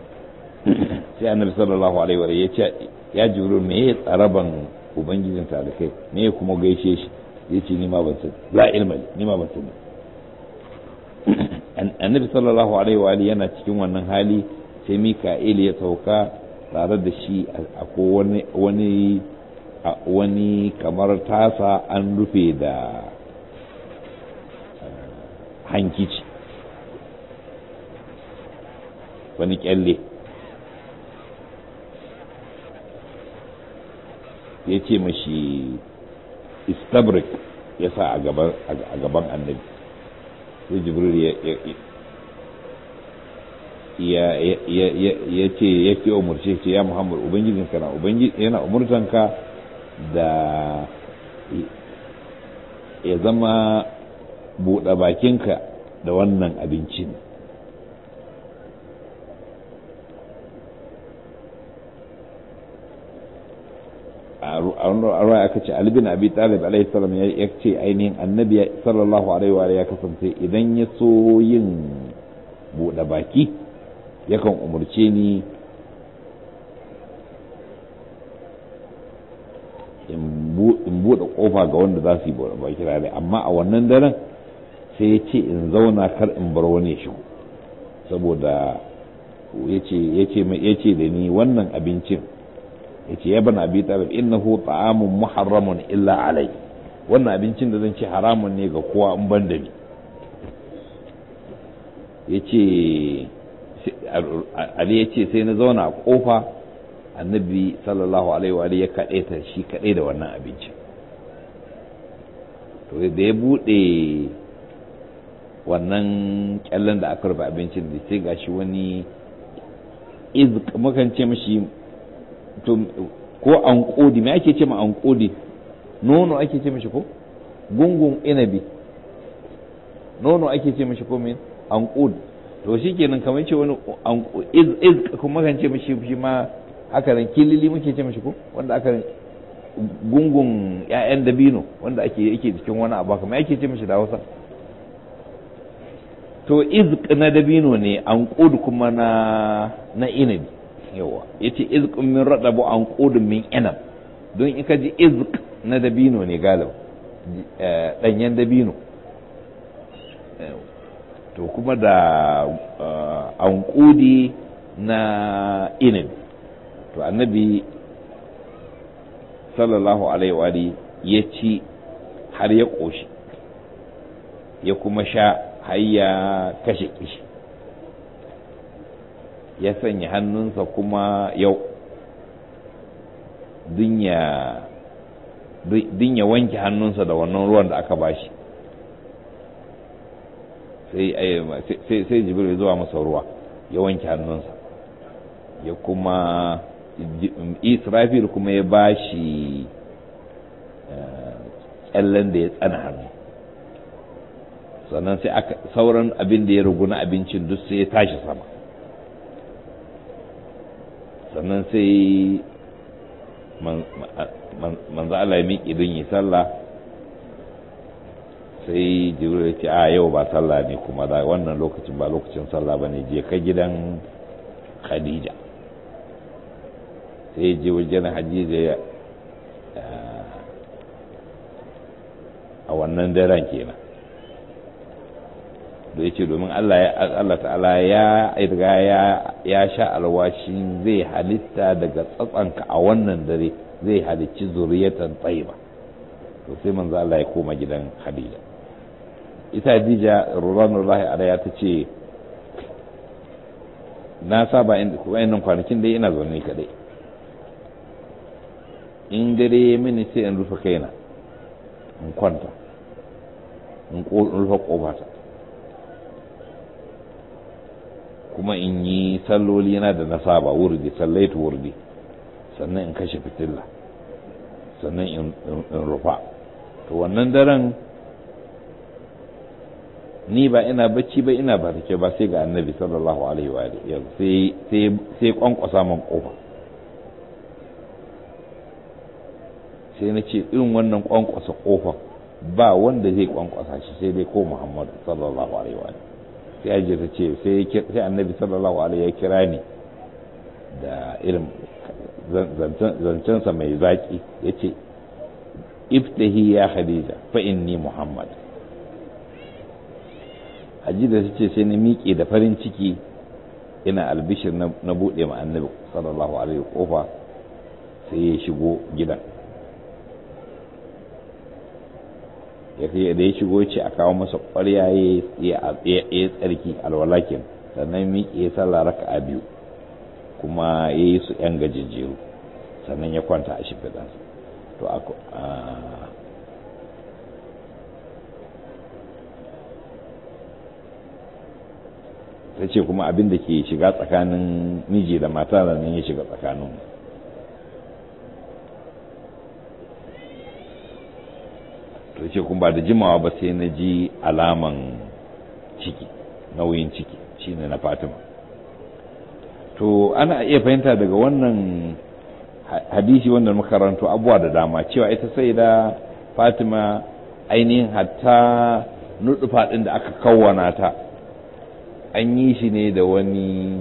sai annabi sallallahu alaihi wa ya ce ya jibril me ya tsaraban ubangijin kai me ya kuma gaishe shi ya ce ni ma ban san la ilma ni ma ban san annabi sallallahu alaihi wa yana cikin wannan hali sai mika'il ya sauka tare da shi a ko wani wani kamar tasa an rufe da hankici wani kyalle ya ce mashi istabrik ya sa a gaban annabi sai jibril ya ce ya ke umarci ce ya muhammad ubangijin kana yana umurtanka da ya zama buɗe bakinka da wannan abincin a ruwa aka ce albin abi talib alaihi salam ya ce ainihin annabi sallallahu alaihi wa ya kasance idan ya so yin buɗe baki yakan umarce ni in buɗe ƙofa ga wanda za su yi buɗe baki amma a wannan daren sai ya ce in zauna kar in bar wani shigo saboda ya ce da ni wannan abincin ya ce ya yaban abi inna hu ta'amun muharramun illa alai wannan abincin da zan ci haramun ne ga kowa in ban da ni ya ce ali ya ce sai na zauna a kofa annabi sallallahu alaihi wa ya kaɗe ta shi kaɗai da wannan abincin to da ya buɗe wannan kyallen da aka rufe abincin da sai gashi wani izk mukan ce mashi ko an kodi me ake ce ma an kodi nono ake ce mashi ko gungun inabi nono ake ce mashi ko min an kodi to shi kenan kamar ce wani an iz iz kuma kan ce mashi shi ma haka nan kilili muke ce mashi ko wanda aka gungun 'ya'yan dabino wanda ake yake cikin wani abu kamar ake ce mashi da Hausa to izq na dabino ne an ƙud kuma na na inabi yawa yace izq min radabu an ƙud min inab don in ka ji izq na dabino ne galau eh, ɗanyen dabino to kuma da eh, an ƙudi na inabi to annabi sallallahu alaihi wa ya ci har ya ƙoshi ya kuma sha hayya kashe kishi ya sanya hannunsa kuma yau din ya wanke hannunsa da wannan ruwan da aka bashi sai eh, jibiru zuwa masa ruwa ya wanke hannunsa ya kuma israfil kuma ya bashi kyallen eh, da ya tsana hannu sannan sai aka sauran abin da ya ruguna na abincin duk sai ya tashi sama sannan sai manzo Allah ya miƙi don yi sallah sai jibril ce a yau ba sallah ne kuma da wannan lokacin ba lokacin sallah ba ne je ka gidan khadija sai je wajen hajjiza a wannan daren kenan da ya ce domin Allah ya ta'ala ya riga ya sha alwashin zai halitta daga ka a wannan dare zai halicci zuriyatan tsayiba to sai manzo Allah ya koma gidan Khadija ita Khadija radiyallahu anha ta ce na saba in nan kwanakin dai ina zaune kadai in dare mini sai in rufe kaina in kwanta in rufe kofata kuma in yi salloli na da na saba wurdi sallaitu wurdi sannan in kashe fitilla sannan in rufa to wannan daren ni ba ina bacci ba ina ba take ba sai ga annabi sallallahu alaihi wa alihi sai sai kwankwasa man kofa sai na ce irin wannan kwankwasa kofa ba wanda zai kwankwasa shi sai dai ko muhammad sallallahu alaihi wa alihi sai aisha ta ce sai annabi sallallahu alaihi ya kira ni da irin zancensa mai zaki ya ce iftahi ya khadija fa inni muhammad hajjida ta ce sai na miƙe da farin ciki ina albishir na buɗe ma annabi sallallahu alaihi kofa sai ya shigo gidan ya da ya shigo ce a kawo masa kwarya ya yi tsarki alwalakin sannan miƙe ya sallah raka a biyu kuma ya yi su yan gajejjeru sannan ya kwanta a shimfiɗa to a ta ce kuma abin da ke shiga tsakanin miji da mata da nan ya shiga tsakanin ce kun ba da jimawa ba sai na ji alaman ciki nauyin ciki shine na fatima to ana iya fahimta daga wannan hadisi wannan makarantu abuwa da dama cewa ita sai da fatima ainihin hatta nuɗufa ɗin da aka kawwana ta an yi shi ne da wani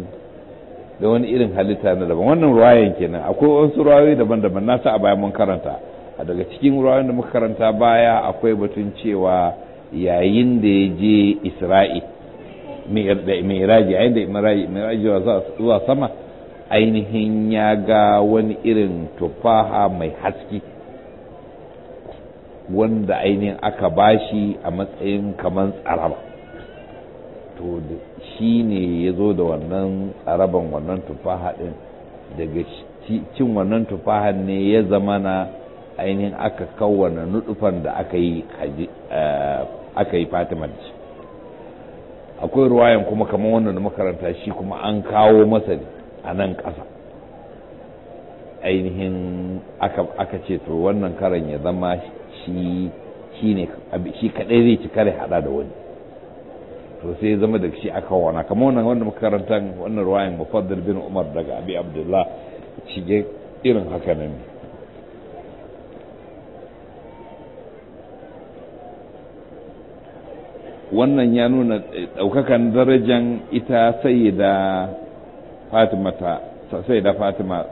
da wani irin halitta na daban wannan ruwayan kenan akwai wasu ruwayoyi daban-daban nasa a bayan mun karanta daga cikin ruwan da muka karanta baya akwai batun cewa yayin da ya je isra'i mai raji yayin da mai zuwa sama ainihin ya ga wani irin tufaha mai haske wanda ainihin aka bashi a matsayin kamar tsaraba to shi ne ya zo da wannan tsaraban wannan tufaha din daga cin wannan tufahan ne ya zamana ainihin aka kawwana nudufan da aka yi aka yi fatima da shi akwai ruwayan kuma kamar wannan makaranta shi kuma an kawo masa ne a nan ƙasa ainihin aka ce to wannan karan ya zama shi shi kaɗai zai ci kare hada da wani to sai ya zama da shi aka wana kamar wannan wanda makarantar wannan ruwayan mufaddal bin umar daga abi abdullah shige irin haka nan ne wannan ya nuna ɗaukakan darajan ita sai fatima ta sai da fatima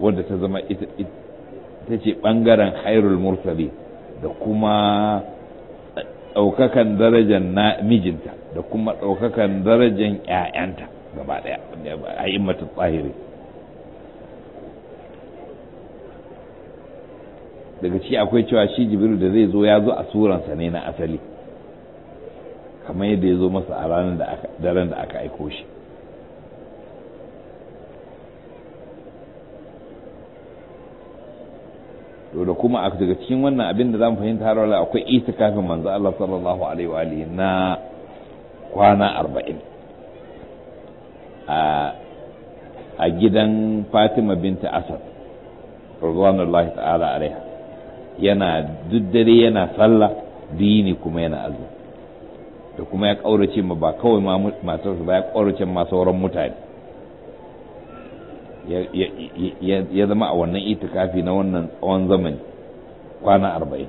wadda ta zama ita ce ɓangaren hairul mursali da kuma ɗaukakan darajan na mijinta da kuma ɗaukakan darajan ƴaƴanta gaba ɗaya a immatin tsahiri daga ciki akwai cewa shi jibiru da zai zo ya zo a suransa ne na asali kamar yadda ya zo masa a ranar da aka daren da aka aiko shi to da kuma a daga cikin wannan abin da zamu fahimta har wala akwai itikafin manzo Allah sallallahu alaihi wa alihi na kwana 40 a a gidan Fatima binta Asad radiyallahu ta'ala alaiha yana duk dare yana sallah dini kuma yana azumi da kuma ya ƙaurace ma ba kawai matarsa ba ya ƙaurace ma sauran mutane ya zama a wannan itikafi na wannan tsawon zamani kwana arba'in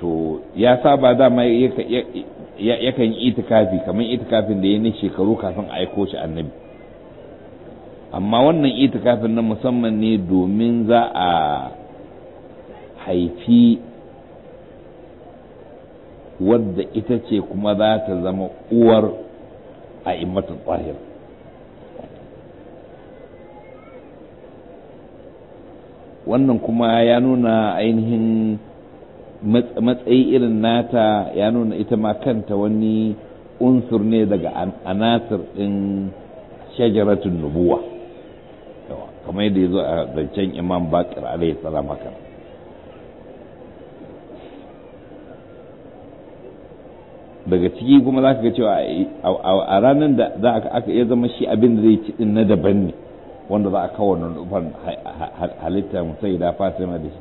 to ya saba dama yakan yi itikafi kamar itikafin da ya ni shekaru kafin a aiko shi annabi amma wannan itikafin na musamman ne domin za a haifi wadda ita ce kuma za ta zama uwar a immatin tsahir wannan kuma ya nuna ainihin matsayi irin nata ya nuna ita ma kanta wani unsur ne daga anasir ɗin shajaratun nubuwa kamar yadda ya zo a zancen imam bakir alaihi salam haka daga ciki kuma za ka ga cewa a ranar da za aka iya zama shi abin da zai ci din na daban ne wanda za a kawo na nufan halitta sai da fasa yana da shi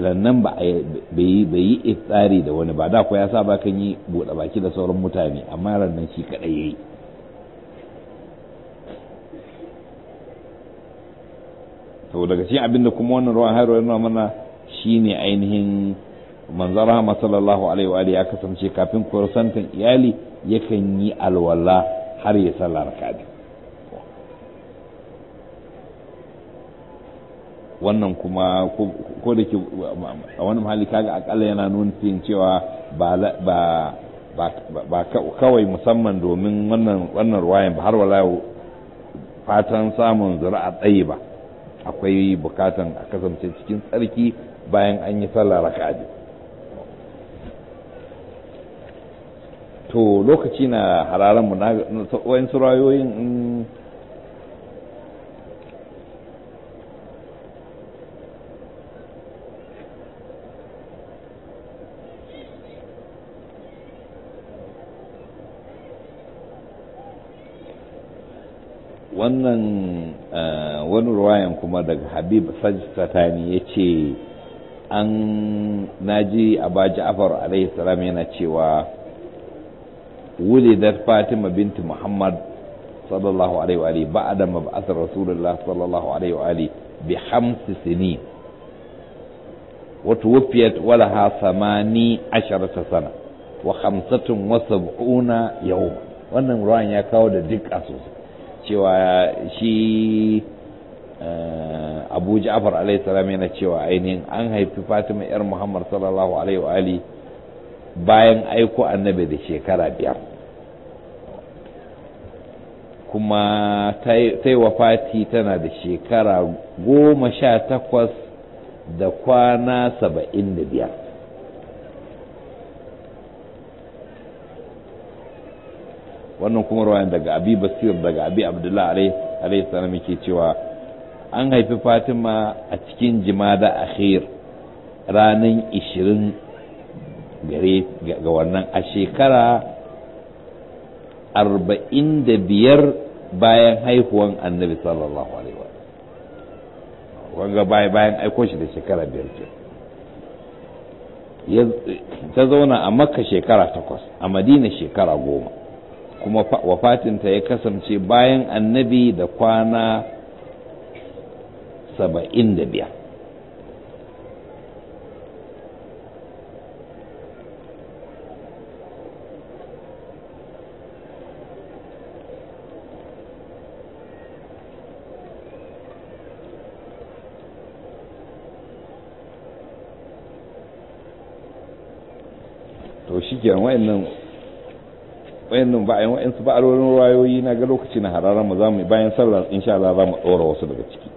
ilan nan ba bai yi tsari da wani ba da ko ya saba kan yi buɗe baki da sauran mutane amma ran nan shi kaɗai yi to daga cikin abin da kuma wannan ruwan haihuwar mana shine ainihin manzon rahama sallallahu alaihi wa ya kasance kafin kursantan iyali yakan yi alwala har ya sallar kadi wannan kuma ko da a wani hali kaga akalla yana nufin cewa ba kawai musamman domin wannan ruwayan ba har wala fatan samun zuri'a tsaye ba akwai bukatan a kasance cikin tsarki bayan an yi sallar raka'a to lokaci na hararen mu na wayan surayoyin in wannan eh, wani ruwayan kuma daga habib sajjatani ya ce an naji a ba ja'afar alaihi salam yana cewa wuli da fatima binti muhammad sallallahu alaihi wa alihi ba'da mab'ath rasulullah sallallahu alaihi wa alihi bi khams sinin wa tuwfiyat walaha samani asharata sana wa khamsatun wa sab'una yawma wannan ruwan ya kawo da duk sosai cewa shi eh, abu ja'far alaihi salam yana cewa ainihin an haifi fatima yar muhammad sallallahu alaihi wa alihi bayan aiko annabi da shekara biyar kuma sai wafati tana da shekara goma sha takwas da kwana saba'in da biyar wannan kuma rawayan daga abi basir daga abi abdullahi alai sana yake cewa an haifi fatima a cikin jimada akhir ranar ishirin ga wannan a shekara arba'in da biyar bayan haihuwan annabi sallallahu alaihi wa wanga bayan aiko shi da shekara biyar ce ta zauna a makka shekara takwas a madina shekara goma kuma wafatinta ya kasance bayan annabi da kwana saba'in da biyar wayannan wayannan ba wayansu ba a na ga lokaci na hararan mu za mu bayan sallar insha Allah za mu ɗora wasu daga ciki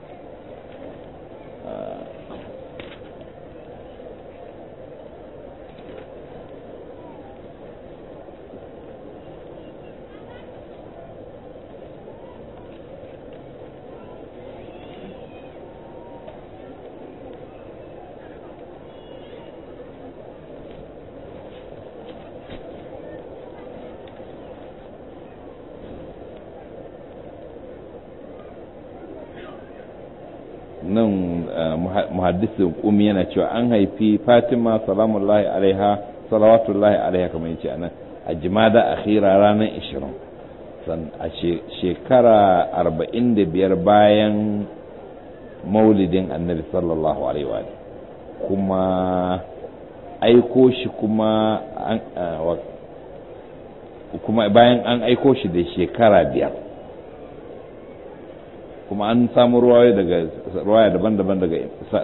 muhaddisin qumi yana cewa an haifi fatima salamullahi alaiha salawatullahi alaiha kamar yace anan a jimada akhira ranar 20 san a shekara 45 bayan maulidin annabi sallallahu alaihi wa kuma aiko shi kuma an kuma bayan an aiko shi da shekara biyar kuma an samu ruwaya daga ruwaya daban-daban daga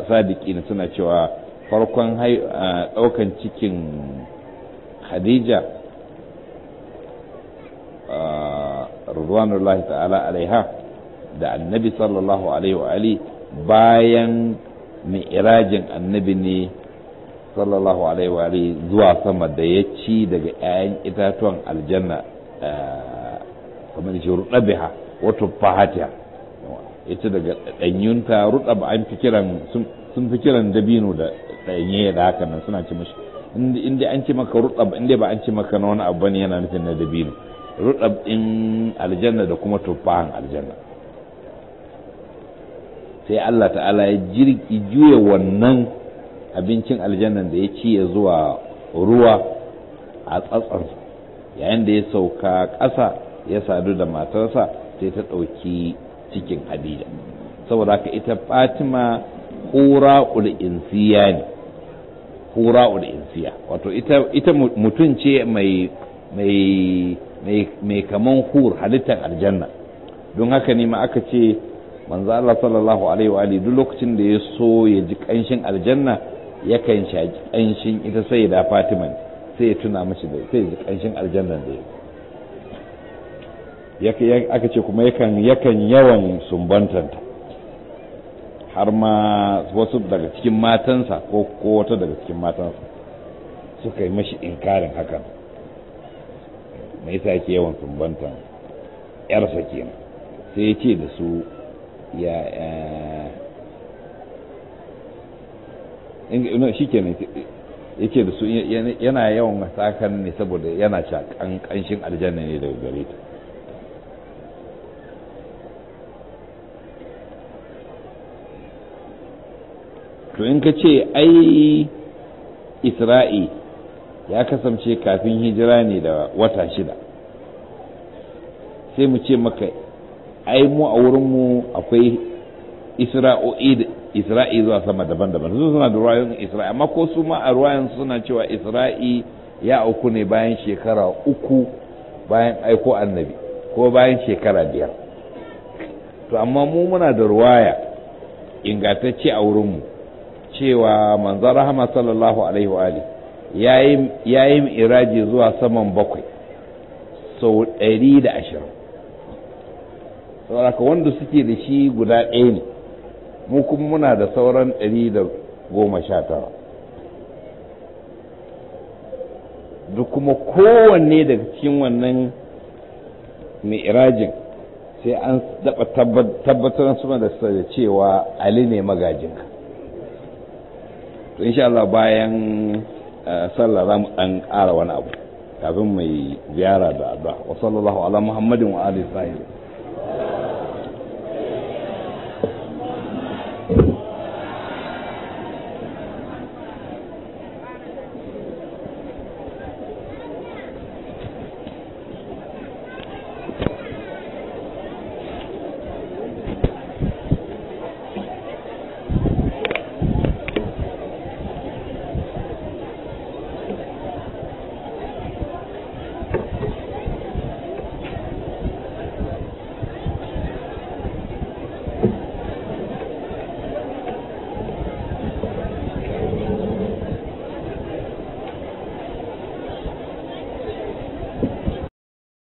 sadiki na suna cewa farkon daukan cikin khadija rizwanullahi ta'ala alaiha da annabi sallallahu alaihi wa ali bayan mi'irajin annabi ne sallallahu alaihi wa ali zuwa sama da ya ci daga 'ya'yan itatuwan aljanna kamar shi rudabiha wato fahatiha ita daga ɗanyunta ruɗa ba an fikiran sun fikiran dabino da ɗanye da haka nan suna ci mashi inda an ci maka ruɗa inda ba an ci maka na wani abu ne yana nufin na dabino ruɗa ɗin aljanna da kuma tuffahan aljanna sai Allah ta'ala ya jirgi juya wannan abincin aljannan da ya ci ya zuwa ruwa a tsatsan yayin da ya sauka ƙasa ya sadu da matarsa sai ta ɗauki cikin Hadija saboda haka ita Fatima qura'ul insiya ne qura'ul insiya wato ita ita mutum ce mai mai mai kaman hur halittar aljanna don haka ne ma aka ce manzo Allah sallallahu alaihi wa duk lokacin da ya so ya ji kanshin aljanna yakan shaki kanshin ita sai da Fatima sai ya tuna mashi da sai ji kanshin aljanna da aka ce kuma yakan yakan yawan sumbantanta har ma wasu daga cikin matansa ko wata daga cikin matansa suka yi mashi inkarin hakan mai yasa yake yawan sumbantan yarsa kenan sai ya ce da su ya shi kenan yake da su yana yawan sakan ne saboda yana shakan kanshin aljanna ne daga gare ta to in ka ce ai isra'i ya kasance kafin hijira ne da wata shida sai mu ce maka ai mu a wurinmu akwai isra'o'i isra'i zuwa sama daban-daban su suna da ruwayoyin isra'i amma ko su ma a ruwayan suna cewa isra'i ya auku ne bayan shekara uku bayan aiko annabi ko bayan shekara biyar to amma mu muna da ruwaya ingantacce a wurinmu cewa manzon rahama sallallahu alaihi wa ali yayi iraji zuwa saman bakwai sau ɗari da ashirin sauraka wanda suke da shi guda ɗaya ne mu kuma muna da sauran ɗari da goma sha tara da kuma kowanne daga cikin wannan mi'irajin sai an daɓa tabbatar suna da cewa ali ne magajinka to insha Allah bayan eh, sallah za mu dan ƙara wani abu kafin mai ziyara da addu'a wa sallallahu ala muhammadin wa alihi sahibi